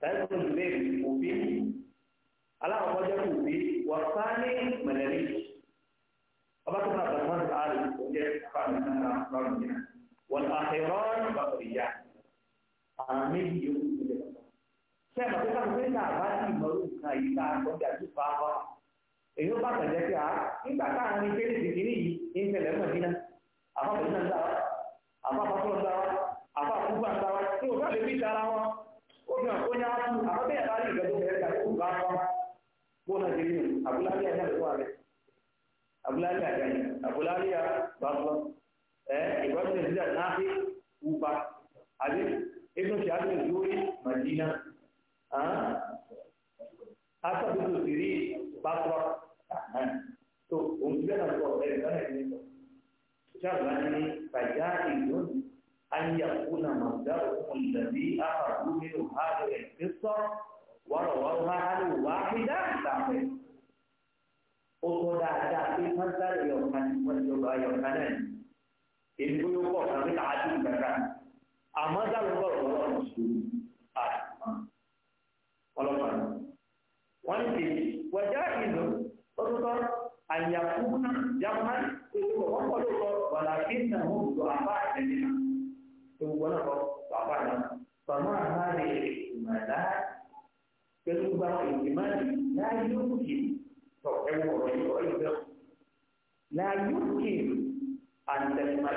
Five months left, òbí. Aláwọ̀ jẹ́ òbí, wà sáni mẹ̀lẹ́lì. Ọba tó máa bàtà máa sáré, ó jẹ́ fàmì ah, náà lọ́rùn yẹn. Wọ́n àhẹ̀rọ̀ bàtà ìyá. Àwọn méjì yóò apa sílẹ̀ lọ́wọ́. kita ẹ̀ma tó káàkiri pé náà bá ní ìmọ̀rú nǹkan yìí tá a gbọ́ bí àti fa wa? àfàfàtọ̀ ìdáwà àfàfúgbà ìdáwà tí ò bá lè fi dára wọn ó fi hàn kó ní ápù àfàfẹ́yà bá rí ìgbẹ́ tó fẹ́ẹ́ kàkó bá wọn bó náà ti rí nù àbúláyé àjà lè wà rẹ àbúláyé àjà yìí àbúláyé àbáfọ́ ẹ ìbáṣe ìdíjà náà fi wúpa àbí ebi ṣe àti ìdúrí màdínà àtàkùn tó sì tọ́ شغلني فجائز أن يكون مصدرهم الذي أخذوا منه هذه القصة ورووها عن واحدة تعقل أخذ أداء في مصدر يوحنا مصدر يوحنا إن كل قصة بالعدل بكان أما ذلك هو المسلم ولو كان وانت وجائز أخذ àyàfúnà yàmá ìlú ọ̀pọ̀ lóòótọ́ wàlá kí n náà wọ́n lò àbá àtẹ̀lẹ́ náà tó wọ́n náà lọ bàbá náà bàmá àmà rè màdá pẹ̀lú gba ìgbìmọ̀ láyé òkè tọ̀ ẹ̀wọ̀n ọ̀rọ̀ yìí ọ̀rọ̀ yìí bẹ́ẹ̀ láyé òkè ọkùnrin bá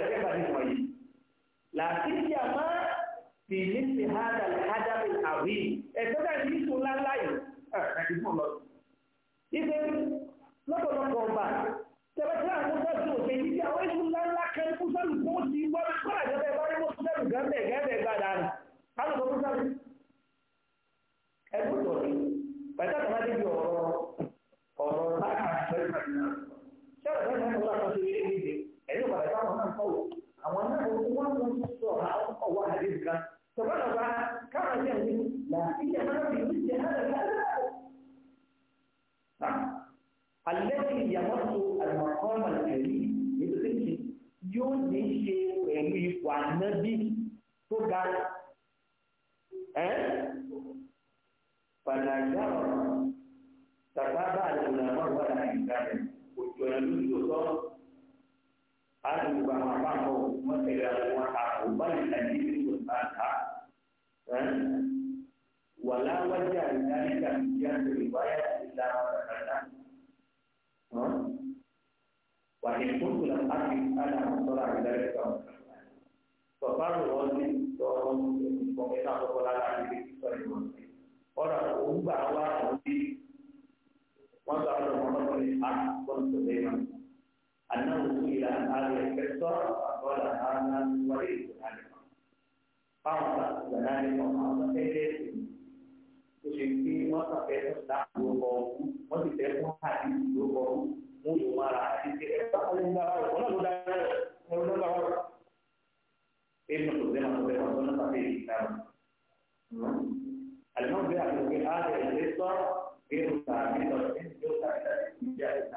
yẹ fẹ́ bá ní wọ̀nyí làkìtì bìlí ti hádà hádàbí àwìn ẹ̀sẹ̀ bẹ́ẹ̀ ní sùn láláyé ẹ̀ ẹ̀ memegang mata banyak tadi itu berkata wala wajah dari kajian riwayat tidak berkata wahai pun dalam arti ada masalah dari kaum Bapak Rosi, Tolong, Pemerintah Kepala Lagi, Orang Umbawa, Rosi, Masa ada orang-orang yang akan bersebut أنه إلى هذه القصة فقال هذا وليد ذلك فقط ذلك وقال سيدي وشكتي وصفيت الصلاة وقوم وصفيت الحديث وقوم مجمع الحديث فقال الله ولا بد ولا بد ابن خزيمة خزيمة سنة في الكتاب المهم بأن في هذه القصة غير ثابتة غير ثابتة في الجاهل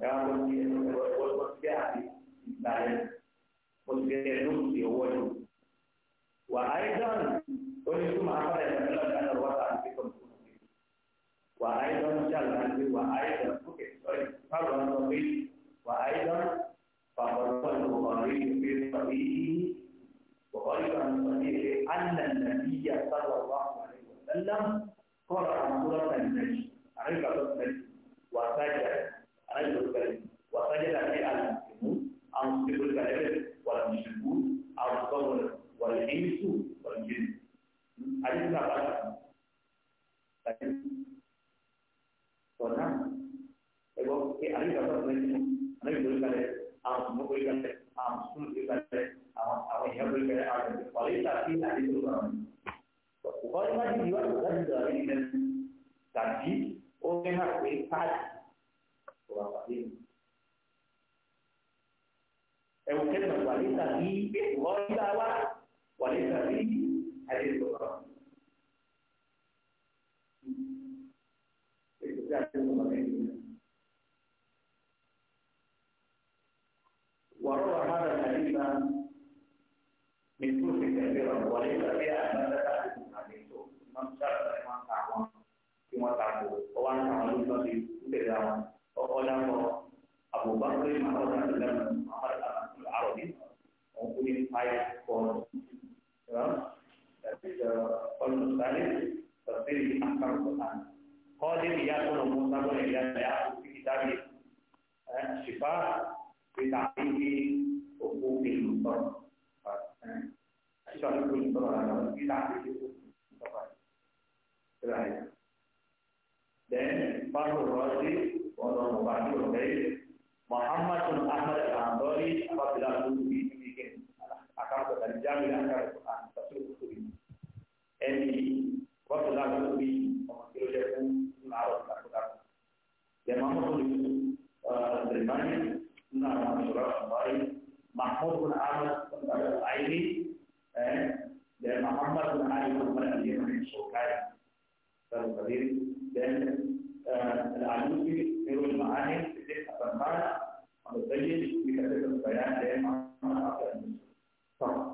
ẹran tó ti ẹnu wọ́n ti bẹ́ẹ̀ àti ìgbà yẹn mo ti bẹ́ẹ̀ ẹnu ti ọwọ́ yẹn. wà á yẹ dán onídùúmọ̀ afárá ìgbàlódé ọ̀gá náà wọ́n tà ní kọ́ wà á yẹ dán ní sàlùmá ní wà á yẹ dán ókè sọ́ọ̀rì fáwọn ọ̀nà ọ̀gbẹ́ wà á yẹ dán fàkọ̀lọ́pọ̀ ní ọ̀rẹ́ ìgbẹ́ sọ̀rí وقال عن صحيح أن النبي رجل وسجد في المسلمون أنصب الكلب والمشركون الصبر والإنس والجن حديث ثابت لكن قلنا ايوه في علي ثابت لكن أنا يقول لك أنصب الكلب أنصب الكلب أو يحب الكلب وليس في حديث القرآن وقال ما في ديوان وقد دارين تأكيد ومنها في حديث وعليم أو كلمة وليس فيه إخراج دعوة وليس فيه حديث القرآن وروى هذا الحديث من كتب كثيرة وليس فيها ما تحدث عن من شرط الإمام تعوان كما تعبوا وأنا تعملوا في مدرعون ọ̀dàpọ̀ Abubakar Muhammad Abdullah Muhammad Abdul Arabi mempunyai five points. Jadi kalau tadi tafsir di akar Quran. Qadir yakunu mutabun ila ya'ud fi kitabi. Shifa fi ta'rifi huquqil mutar. Shifa fi mutar fi ta'rifi huquqil mutar. Terakhir. Then Fahru Razi ọlọ́run ọba ní ọ̀fẹ́ yìí muhammadu ahmed alhandori ababila lórí ìdíje akáwọ̀ tàbí jáwé akáwọ̀ àtàkùn òkúri ẹni wọ́pọ̀lá lórí ọmọ tí ó jẹ́ fún láàrọ̀ ìtàkùnkàkùn yẹ̀mọ́ mọ́tòlù ọ̀dẹ̀mánì nínú àwọn àṣọ̀rọ̀ àṣọ̀rọ̀ mahmud ahmed aini dan Muhammad bin Ali eh, eh, Muhammad Ali bin Shokai dan Qadir eh, dan Al-Alusi تثير المعاني بدقة المعنى وتبين بكثرة البيان دائما أكثر صح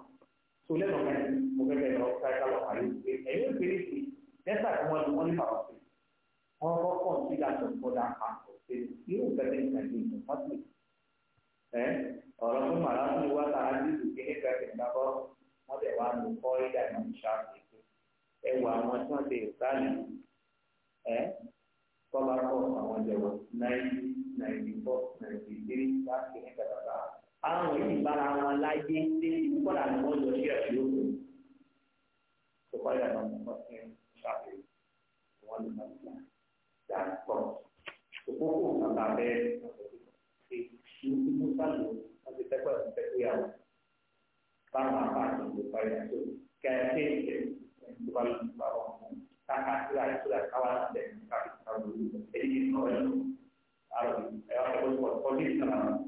sulle nomen muke ke ro sai ka lo hari e e piri si desa kuma lu oni pa si ho ho ko si da to ko da ka ko se si u ka den ka ni to pa si eh ora ko mara tu wa ta ji su ke ka ke da ko mo de wa lu ko i da ni sha ni e wa mo ta de sa ni eh tọ́lá pọ̀ àwọn ìjọba náírà náírà fọ́ náírà tẹ́lẹ̀ láti ní kàtàkà. àwọn yìí bára wọn láyé dé kọ́lá ni wọ́n lọ sí ẹ̀sìn òkú. tó bá yàrá wọn kọ́ sí ṣàfihàn wọn lè má gbà dá pọ̀. òkókó bàbá bẹ́ẹ̀ ṣe ṣe ìlú sálò wọn ti tẹ́kọ̀ọ́ ti tẹ́kọ̀ọ́ yàwó. báwọn apá àti ìjọba yẹn tó kẹ́ẹ̀ẹ́dẹ́gbẹ̀ẹ́ ìjọba ló ń bá wọn mú káàkiri àìsíra káwá náà bẹ̀rẹ̀ Ele não é é a coisa condicionada.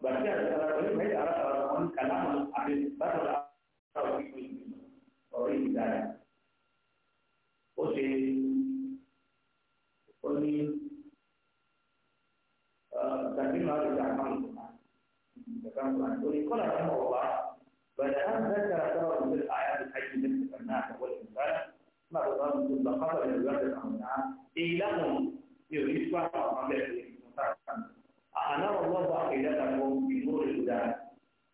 Berarti ada cara boleh baik arah arah mohon kalam ada baru tahu itu orang tidak. Oke, ini tapi malah jangan jangan bukan. Jadi kalau orang فالآن ذكر سبب من الأعياد الحية التي ذكرناها في أول المثال ما تظن كل خبر يرد عنها إيلهم يريد أن أنار الله عقيدتكم في نور الهدى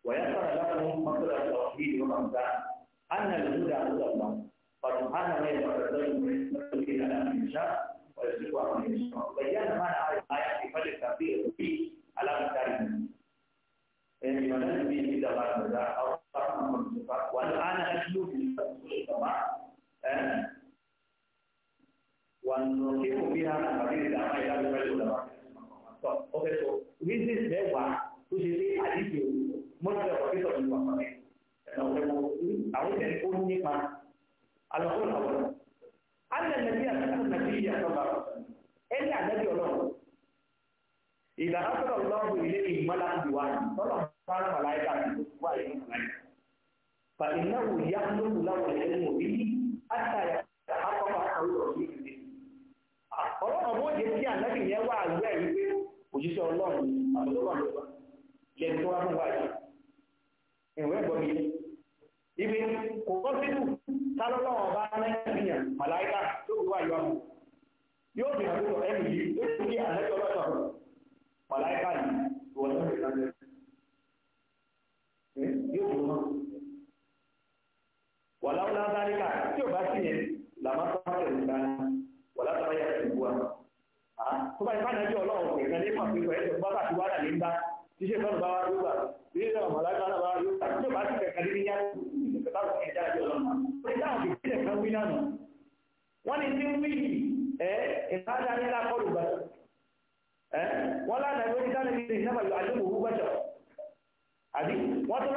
ويسر لكم مصدر التوحيد والرمزان أن الهدى هدى الله فسبحان من يتقدم من الإله من شاء ويسلك عن من بين معنى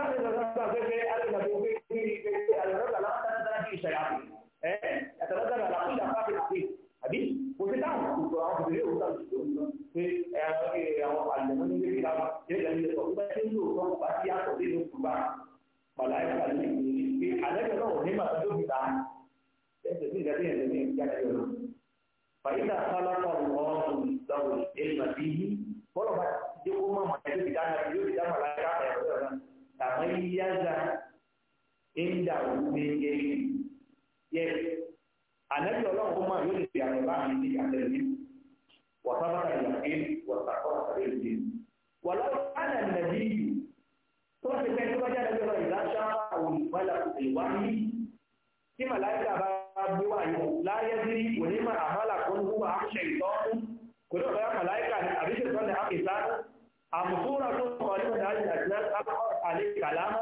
ní sọ̀tọ̀ pẹ́pẹ́ alùpàdé pé kí ni pé alùpàdé làwọn tẹ́lẹ̀ tẹ́lẹ̀ fi ìṣẹ̀yà fún ẹ ẹ̀tẹ̀lẹ̀ tẹ́lẹ̀ làwọn ìjà fáfi làfi àbí kò sí táwọn kòtò àwọn kòtò yóò wúta lùsùn lọ pé ẹ àwọn àlùmọ́ ní ilé ìlànà yóò lẹ́nu lẹ́sọ̀ nígbà tí ń lò ó sọ́kù bá ti yàtọ̀ nínú kùbá màláìkà ní ìpè alẹ́ náà ní màtàdókìtà ẹ̀sẹ̀ sí ìdájọ́ ìrìn ní ìjà ẹ̀yọ́ lọ. fàyídà sálákà ọ̀rọ̀ ìdáwọ̀ ìdẹ́gbàdì yìí bọ́lọ̀ bá dé kó má màtàdókìtà náà yóò pé yẹ ànábì ọlọ́run kó máa yóò lè fi àrùn láàrin ní àtẹ̀lẹ́ wàtábàtà ìyàgbé wàtàkọ́ àtẹ̀lẹ́ wà lọ́wọ́ ánà nàbí tó bá ti pẹ́ tó bá jáde lọ́wọ́ ìlàṣà àwọn ìpàlà ìwáyé tí màláìka bá gbé wà yóò láyé sí onímọ̀ àmàlà kan gbówà àṣẹ ìtọ́kùn kò ní ọ̀gá màláìka àbíṣe ìtọ́lẹ̀ àkìsá àmùsúra tó kọ̀ nípa dájú àti àlẹ́ kàlámà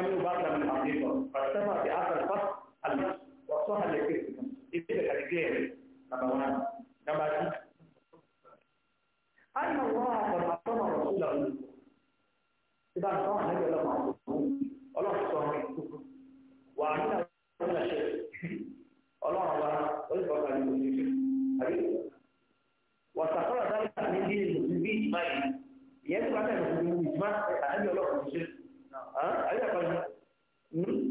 ما يبقى من الحقيقة فاكتفى في آخر فصل النص وصح لكسب إذن الحديثين نمبر 1 نمبر 2 أن الله قد أعطى رسوله إذا أعطاه النبي له معصوم الله سبحانه وعمل كل شيء الله الله ويبقى لكل شيء ذلك من دين المسلمين إجماعيا يجب على المسلمين إجماعا النبي الله سبحانه ayé àpàjù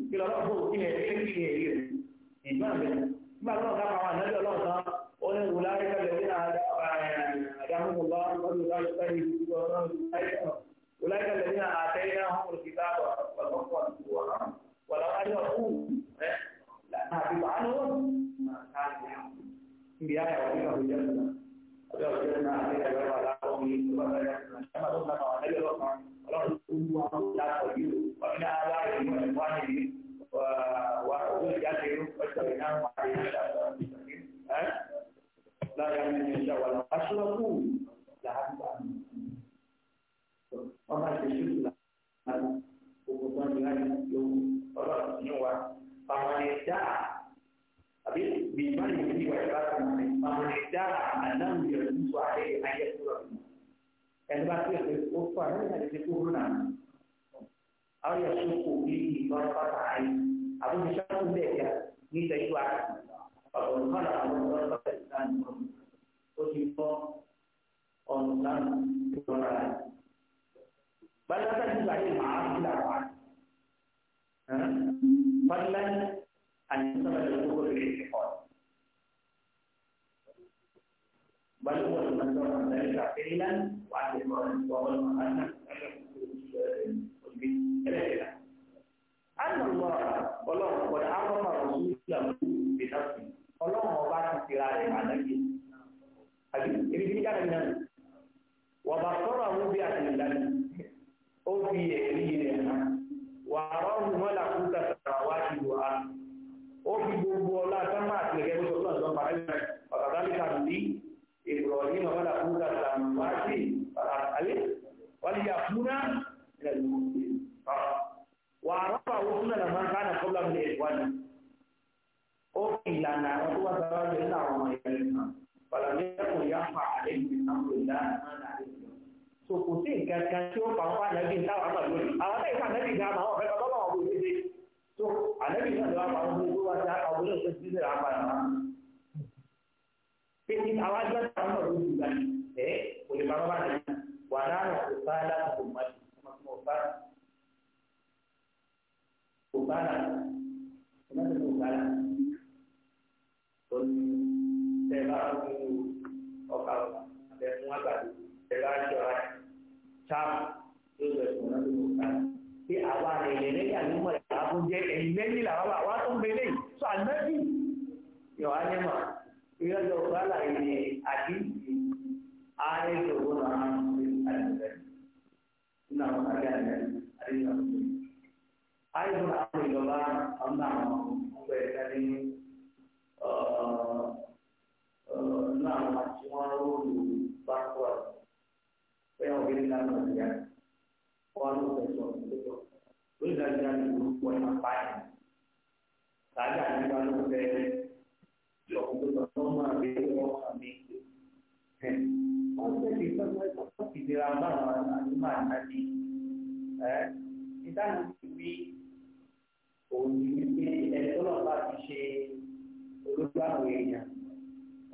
kí lọ́wọ́ fún kí ni ẹ̀rí hmm, kí ni ẹ̀rí rẹ̀ ìgbà rẹ̀ nígbà tó ń dábàá àwọn àdájọ́ ọlọ́run tán ó ní wùlá ayéka lè ní àdáhùnmùbá lọ́dún láyé sáré ìdúgbò ọlọ́run wùlá ayéka lè ní àtẹ́yẹ ọmọdé kìtà wàlọ́kọ̀ọ́ wàlọ́kọ̀ọ́ ọlọ́run olúwa lápò yìí ọ̀nà aláìsí mọ̀ ẹ̀fọ́ nìyí wà owó ìjáde ọjọ́ ìdáhùn àti ìṣàkóso ẹ̀ lára ẹni ìṣàwọ̀ aṣọ́kù làásùbà ọba ìṣèṣù làásùbà gbogbo tó ń bí láyé yòówù ọlọ́run ní wa pàmòlè dáa àbí bíi báyìí ní ìwà ìbáraẹni pàmòlè dáa àdáhùn yẹn ń sọ àyè ayé tó rọrùn ẹni bá tiẹ̀ pé ó fọ àná ìyá lè fi kúrú náà àwọn yẹn tó kò bí ìgbà pátá ayé àwọn oníṣẹ́ tó bẹ̀ yà ní ìtẹ́jú ara ọ̀pọ̀ ìmọ̀lá àwọn ọ̀dọ́ ọ̀pọ̀ ìsìlámù ó ti fọ́ ọ̀nà ìsìlámù tó lọ́ra rẹ̀. balaga ti gba ye maa ti la wa fadlan ani sɔrɔ le ko ko le ti kɔ. بل هو المنظر عن ذلك فعلا وعن المعنى وهو المعنى أن الله والله قد عرف رسوله بنفسه فقال إلا وما يلقى فلم يكن يخفى عليه من أمر الله ما نعلمه so kò sí nǹkan kan tí ó pa wọn bá nàbí ìta àwọn àgbàdo àwọn àti ìta nàbí àwọn ọ̀fẹ́ bá láwọn èèyàn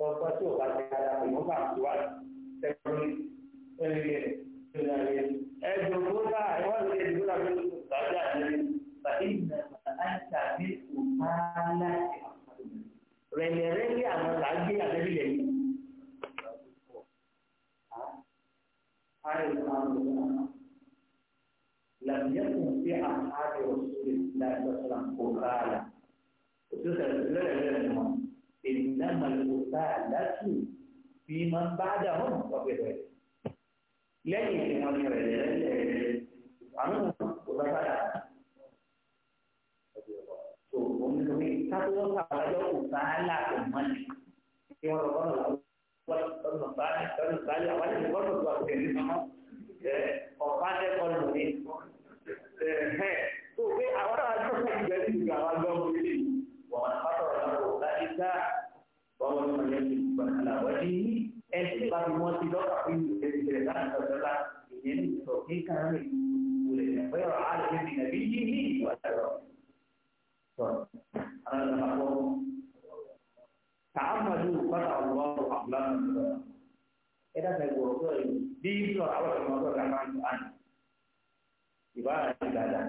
ọ̀pọ̀ tí ò bá ti ara pè bá ti wá lábẹ́ ìgbà àti àbí àwọn làágbé إنما المساءلة فيمن بعدهم وبغيره لكن من يرد عنه وبغيره so òun ló ní káwọn sàlàyé òsàlà kò mọlẹ kí wọn lọ bọlọ wọn lọ bá lọ bá lọ wọn lè bọlọ tó àti ẹni mọ ọba tẹ kọlù ní. so pé àwọn àjọ ìgbẹ́ni ìgbà wa gbọ́ wọlé. أول ما يجب على وجهه es la motivo que interesante verdad y en eso que cada vez le pero al que tiene bici y cuatro ahora la hago تعمدوا فتح الله أقلامنا إذا سيقولوا بيبلغ أول ما قال عن القرآن يبقى هذا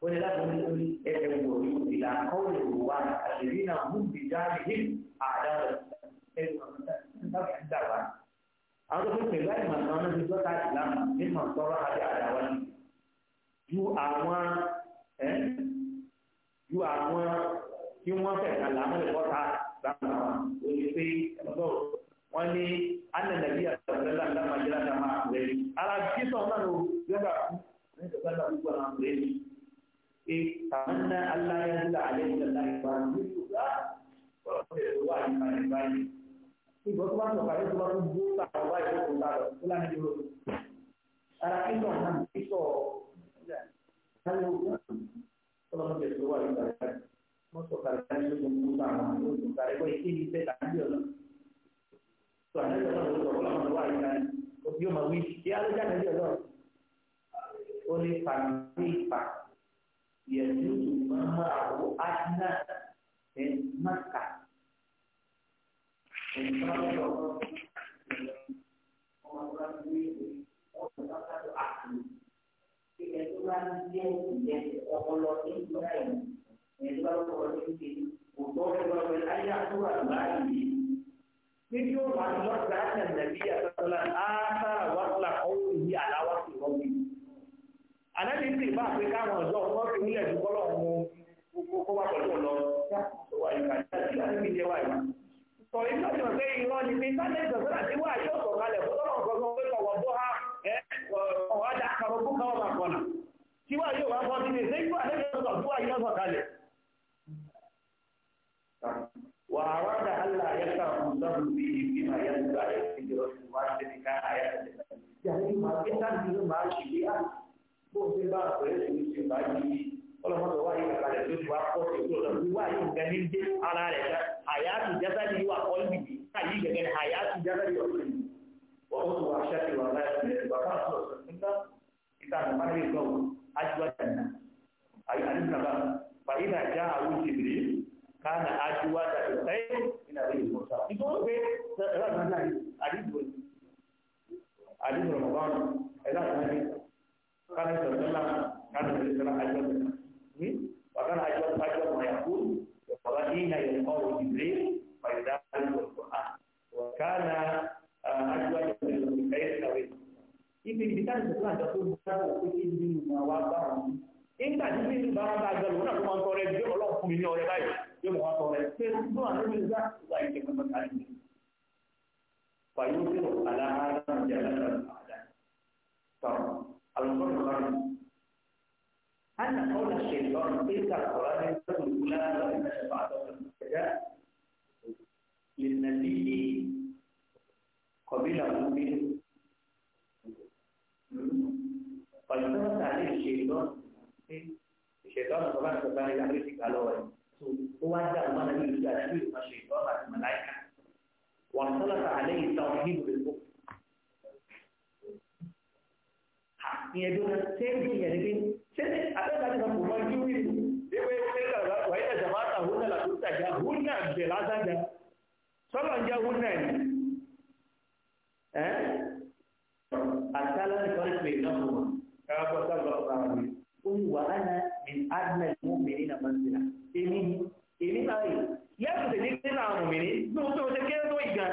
ولكن يقولون إلى قول الروان الذين هم بجانبهم أعداء الدعوة أنا أقول في غير ما كان في سورة الإسلام مما صار هذه أعداء ju àwọn ju àwọn tí wọ́n fẹ́ kàlà àwọn ìkọta gbàgbà wọn ò ní pé ẹgbẹ́ wọn ní anàlẹ́bí àtàlẹ́lá ńlá màjẹ́lá dàmà rẹ̀ ara jísọ̀ إيه تمنى ألا ينزل علينا الأحبان مثلها ورسول الله عليه وسلم Ibu tuan sebagai tuan buta awal itu buta, tulang dulu. Arah itu nanti so, kalau kalau menjadi tuan itu, musuh kalian itu buta, musuh kalian itu ini tidak ambil. Tuan itu kalau kalau kalau tuan itu, dia mau wis, dia ada jangan dia loh. Oleh panitia يجوز معه أدنى من مكة Video Rasulullah dan Nabi Sallallahu Alaihi Wasallam asal wakla kaulihi ala wakil ànábì sì bá pé káwọn ọ̀dọ́ wọn fi wúlẹ̀ ju kọ́lọ̀ wọn kó wá pẹ̀lú ọ̀lọ́ sọ iná tí wọ́n fẹ́ irọ́ ni pé sálẹ̀ ìjọba àti wà yóò sọ̀rọ̀ alẹ̀ fún tọ́lọ̀ nǹkan kan pé kọ̀wọ̀ bó ha ọ̀hádà kọ̀rọ̀ bó káwọn máa kọ̀nà tí wà yóò wá fọ́n nílé ṣé ìgbà lẹ́yìn ọ̀sọ̀ tó wà yóò sọ̀ kalẹ̀. wà á wá dà hálà ayẹta ọ̀hún sọ́kùn bí ibi máa yẹ kó ayẹ bó ṣe bá àpẹẹrẹ ìlú ṣe bá yìí ọlọ́mọdé wáyé kàkà rẹ̀ tó ti wá pọ̀ sí ìlú ọ̀dọ̀ wíwá yìí nǹkan ní dé ara rẹ̀ dá àyà ti jáde ní wà kọ́ níbi káyé gẹ́gẹ́ ní àyà ti jáde ní ọ̀dọ̀ yìí wọ́n tó wà ṣáàtì wà láyé ìgbà kan tó ọ̀sẹ̀ nígbà ìta ní mọ́nà ìgbà wọn ajú àdàna àdìsàbà fàyínà já àwọn ìṣèlérí kánà ajú àdàna sẹ́yìn ìnáwó ìmọ̀ta Karena يتكلم كان يتكلم أجل وكان أجل أجل ما يقول وحين يلقاه جبريل فيدعه القرآن وكان أجل من الخير طويل ibi ibi táyì tó láǹdà tó bá òkú tí ní ìmọ̀ wa bá wọn nígbà tí ní ìlú bára bá gbẹ̀rù náà tó máa ń tọrẹ bí ọlọ́run fún mi ní ọrẹ báyìí yóò mọ̀ wá tọrẹ pé tó wà nínú ìgbà tó wà ìjẹ̀kọ̀ mọ́ta ní. fàyọ̀ sí ọ̀kadà القرآن أن قول الشيطان تلك القرآن يكون الأولى وإن شفاعته المستجاب للنبي قبل المؤمن فالتمس عليه الشيطان الشيطان طبعا كان يعني في وجهه إيه. هو أنت أمان نبي الشيطان الملائكة وصلت عليه التوحيد بالكفر ìyẹn tó ṣe é fi ìyẹn nígbé ṣé ṣe àtẹ́sàtì kan kò mọ ojú wí ni ewé pẹ́lú àwọn ẹ̀yẹ jàmáta húnà làkúntàjà húnà bẹ̀ lásàjà sọ́lọ̀ ń jẹ́ húnà ni ẹ́ àtàlẹ́ nìkan pè náà fún wa ẹ̀rọ pọ̀ sábà ọ̀pọ̀ àwọn ọ̀rẹ́ ó ní wà ánà ní adnà ìmú mẹ́rin náà máa ń sèrà èmi èmi náà yìí yàtọ̀ tẹ̀lé nínú àwọn mẹ́rin gbọ́dọ̀ tó ṣe kéré tó ìgbà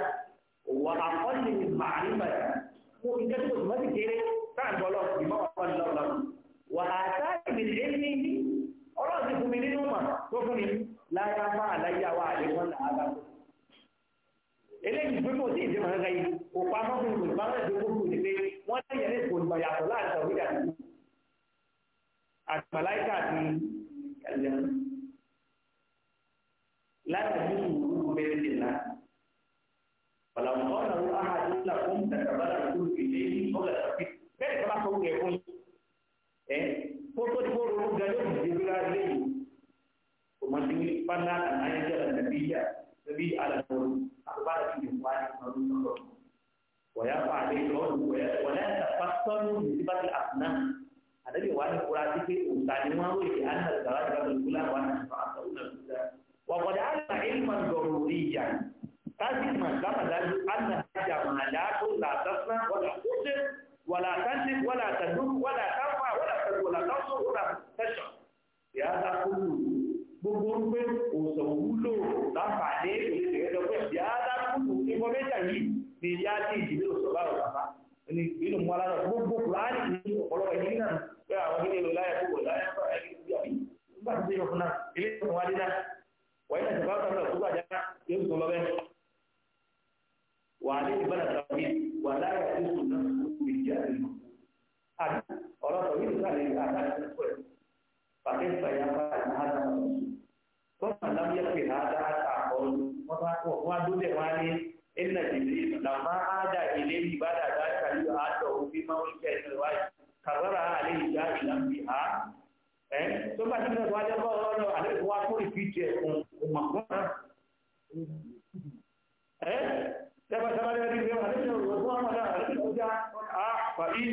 wà àkọ́lé táàbù ọlọ́run ìmọ̀ ọ̀pọ̀ ní lọ́wọ́ lọ́wọ́ wà á sáàbì mi lé ní ní ọlọ́run ti fún mi nínú mà tó fún mi lára máa láyà wà lé wọn là á bá tó. eléyìí pé kò sí ìdí màá ga yìí kò pa mọ́ fún mi máa ń dé kó fún mi pé wọ́n lè yẹ ní ìfòyìnbọ̀ yàtọ̀ láàrin sọ̀rọ̀ ìdà àgbàláìkà àti kàlẹ́ láti mú ìwúrú bẹ́ẹ̀ ní ìlànà. Fàlàmù ọ̀nà ọ̀hún kó yẹ fún yìí ẹ kó tó ti kó ronú ga yóò fi dèbí ra ilé yìí kò mọ sí fana àyájọ àdàbí yà bẹbí àdàbọ àbúrò àti ìdìbò àti ìmọ̀lú lọ́dọ̀ wọ̀yá fà lé lọ́dún wọ̀yá wọ̀yá ìtàpá sọ́nù ìdíbàtì àfúnà àdàbí wà ní kura ti pé òǹtà ni wọ́n rò yìí àná ìgbàlá ìgbàlá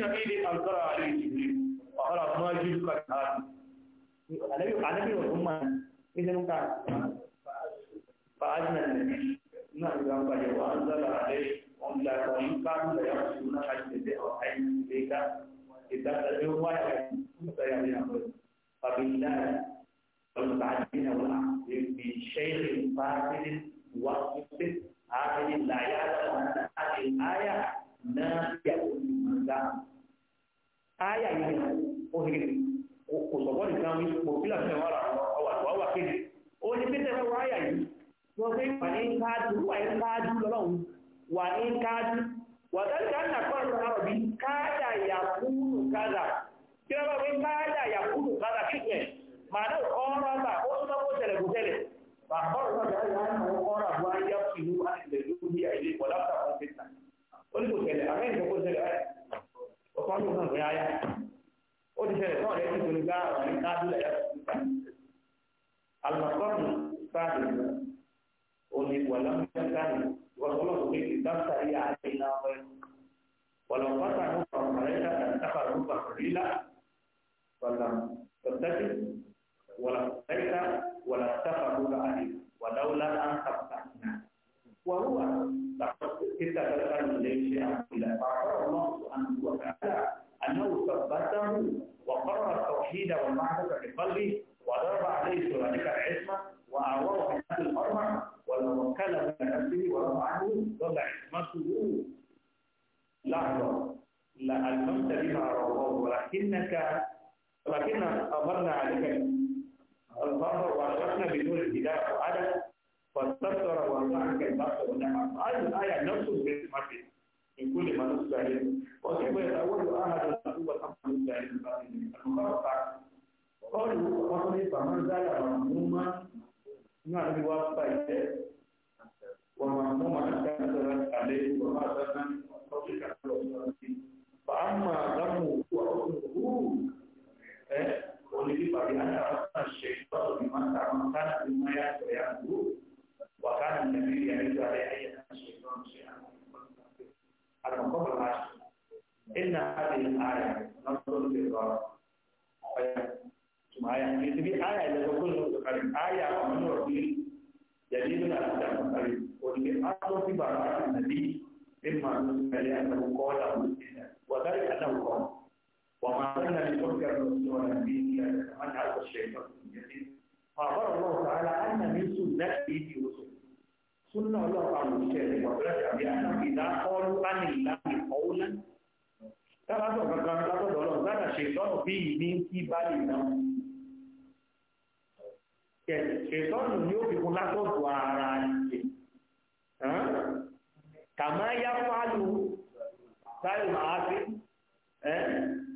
sàbílì àgbára àlè ìjìnlẹ̀ ọ̀rọ̀ àtúnwájú kàkàrà àlẹ́bí ọ̀tún máa ń ṣe ń ká ma'ana ƙora ba wasu ta ko tele ko oh, tele ba ƙora ba da ya yi ƙora ba ya fi yi a da dubi a ile ko lafta ko fitna wani ko tele a mai ko tele ai o kan ko kan ya ya o di الله تعالى أن من سنته في رسل سنة الله تعالى الشيخ بأنه إذا قالوا عن الله قولا ترى هذا كان هذا دولار هذا الشيطان فيه من كبال النوم ṣètọ́nù ni ó fi kún látọ̀dọ̀ ara rẹ̀ kàmá yá fálù sáyò máa fi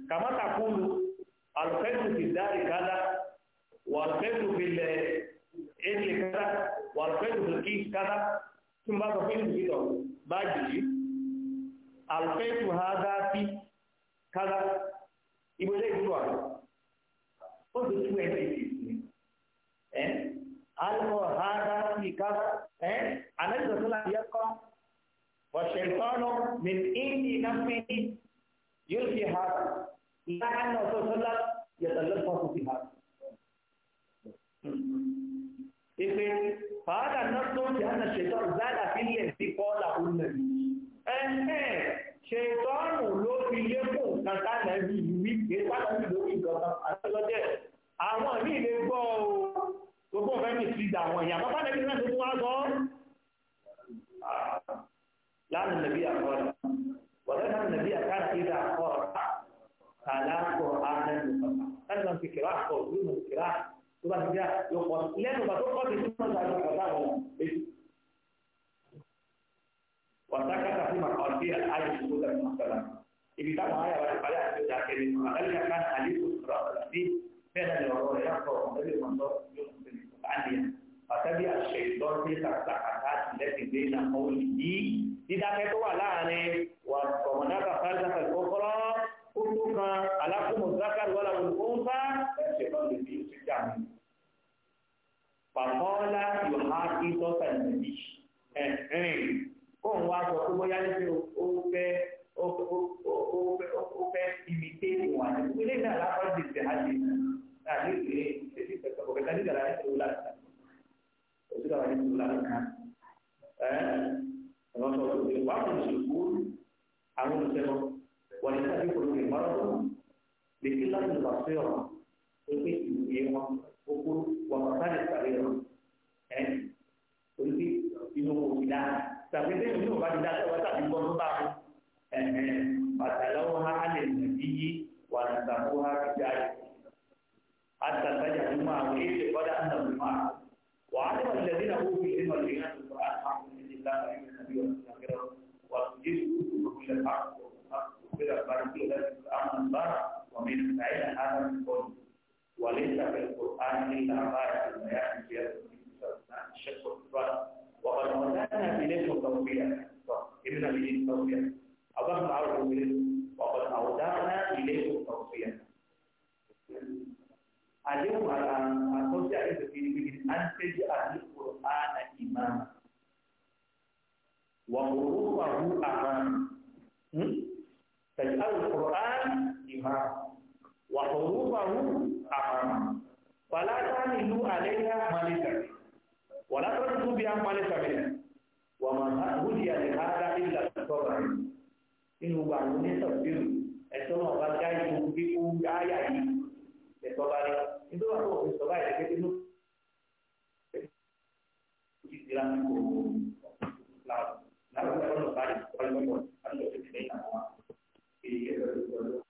kàmá takúlù alùpẹ́jù ti dárí kádá والفعل في الاسم كذا والفعل في الكيس كذا ثم بعد فعل كده باجي الفعل هذا في كذا يبقى ده كده ó ti tú ẹni ìdí ẹ alọ ha dá sí ká ẹ alẹ́sọ̀tọ́lá yẹ kọ́ wọ̀ṣẹ̀tọ́nù mi ìdí náfẹ́ yóò fi ha láàánú ọ̀tọ̀tọ́lá yẹtọ̀lẹ́tọ̀ sí ha. Ipe fàádà náà tó ń jẹ́ ṣètọ́ ìzáàdà sílẹ̀ sí kọ́ọ̀là orílẹ̀. Ẹ̀ẹ́ ṣètọ́rùn ló fi lékùn kàtà lẹ́bí ìwí pé pàtàkì lórí ìjọba àtọ́jẹ́. Àwọn ní ilé gbọ́ o, gbogbo ọ̀fẹ́ mi ti dà wọ̀nyí. Àbá bá lẹ́bí náà tó tún wá sọ. Láàrín nàbí àkọ́ọ̀lá. Wọ̀lẹ́ náà nàbí àkàrà ìdá àkọ́ọ̀lá. Kàlá kọ̀ tó bá ti dá yóò pọ̀ lẹ́nu ìgbà tó kọ́ ti tún náà sáré ọ̀gá àwọn èsì. Wàtákàtà sí màkàtí àyè ìṣòro tàbí màkàlà. Ibi táwọn ayà wà nípa láti ṣe àkẹ́lẹ́ màkàlà kan àlékún sọ̀rọ̀ àgbàlá sí bẹ́ẹ̀ ni ọ̀rọ̀ rẹ̀ yàtọ̀ ọ̀rẹ́lẹ̀ mọ̀tọ́ yóò ń tẹ̀lé àlẹ́ àtàbí àṣẹ ìtọ́sí tàkàtà lẹ́sìndé na ọ̀hún yìí dídákẹ́ kan alákòmọ̀ zákàrí wà láwọn olùkọ́ jàmù pàtọ́lá yóò há kí sọ́sà ìdí ẹ̀ẹ́n kó ń wá sọ pé bóyá ní pé ó fẹ́ ó fẹ́ imité ìwà ní ilé náà lápá ti tẹ̀ á ti náà ní ìpè èsì pẹ̀tọ́ ọ̀kẹ́ta ní ìdàrà ètò ìwúlà òsì dàrà ètò ìwúlà kan ẹ̀ẹ́n ẹ̀rọ sọ pé wà á kùn sùn kú àwọn olùsẹ́wọ̀n wà ní sábẹ́ kòlóògbé mọ́rọ́ lè fi láti lọ sí ọ̀rọ̀ pé ìwé wọn gbogbo wàhálà sáré sáré wọn ẹ torí pé inú kò fi dá tàbí pé inú kò bá ti dá sẹ́wọ́n tàbí gbọ́n tó bá fún ẹ ẹ bàtàláwo ha á lè nà bí yí wà nàtàkó ha fi dá yìí àtàtàjà tó máa wọ èyí lè kọ́dá ń nà tó máa wà á lè wà lè dín àwọn ومن بعيد وليس في القرآن إلا غاية البيان في شق القرآن وقد أوتانا إليه توفيقا إبن إليه توفيقا أبغى تعرف إليه وقد أوتانا إليه توفيقا اليوم الآن في الفكرة أن تجعل القرآن إماما وحروفه أمام تجعل القرآن إماما وحروفه أحرم فلا تعملوا عليها ملكا ولا تردوا بها ملكا منها وما هدي لهذا إلا الصبر إنه بعد تفسير ẹ̀tọ́nà ọba dá ìlú kíkú gáyà yìí ẹ̀tọ́ bá rí nítorí wọn kò fi sọ báyìí lẹ́gbẹ́ nínú ìdí lásìkò láwùjọ ọlọ́pàá ìfọwọ́lọ́pọ̀ àti ọ̀sẹ̀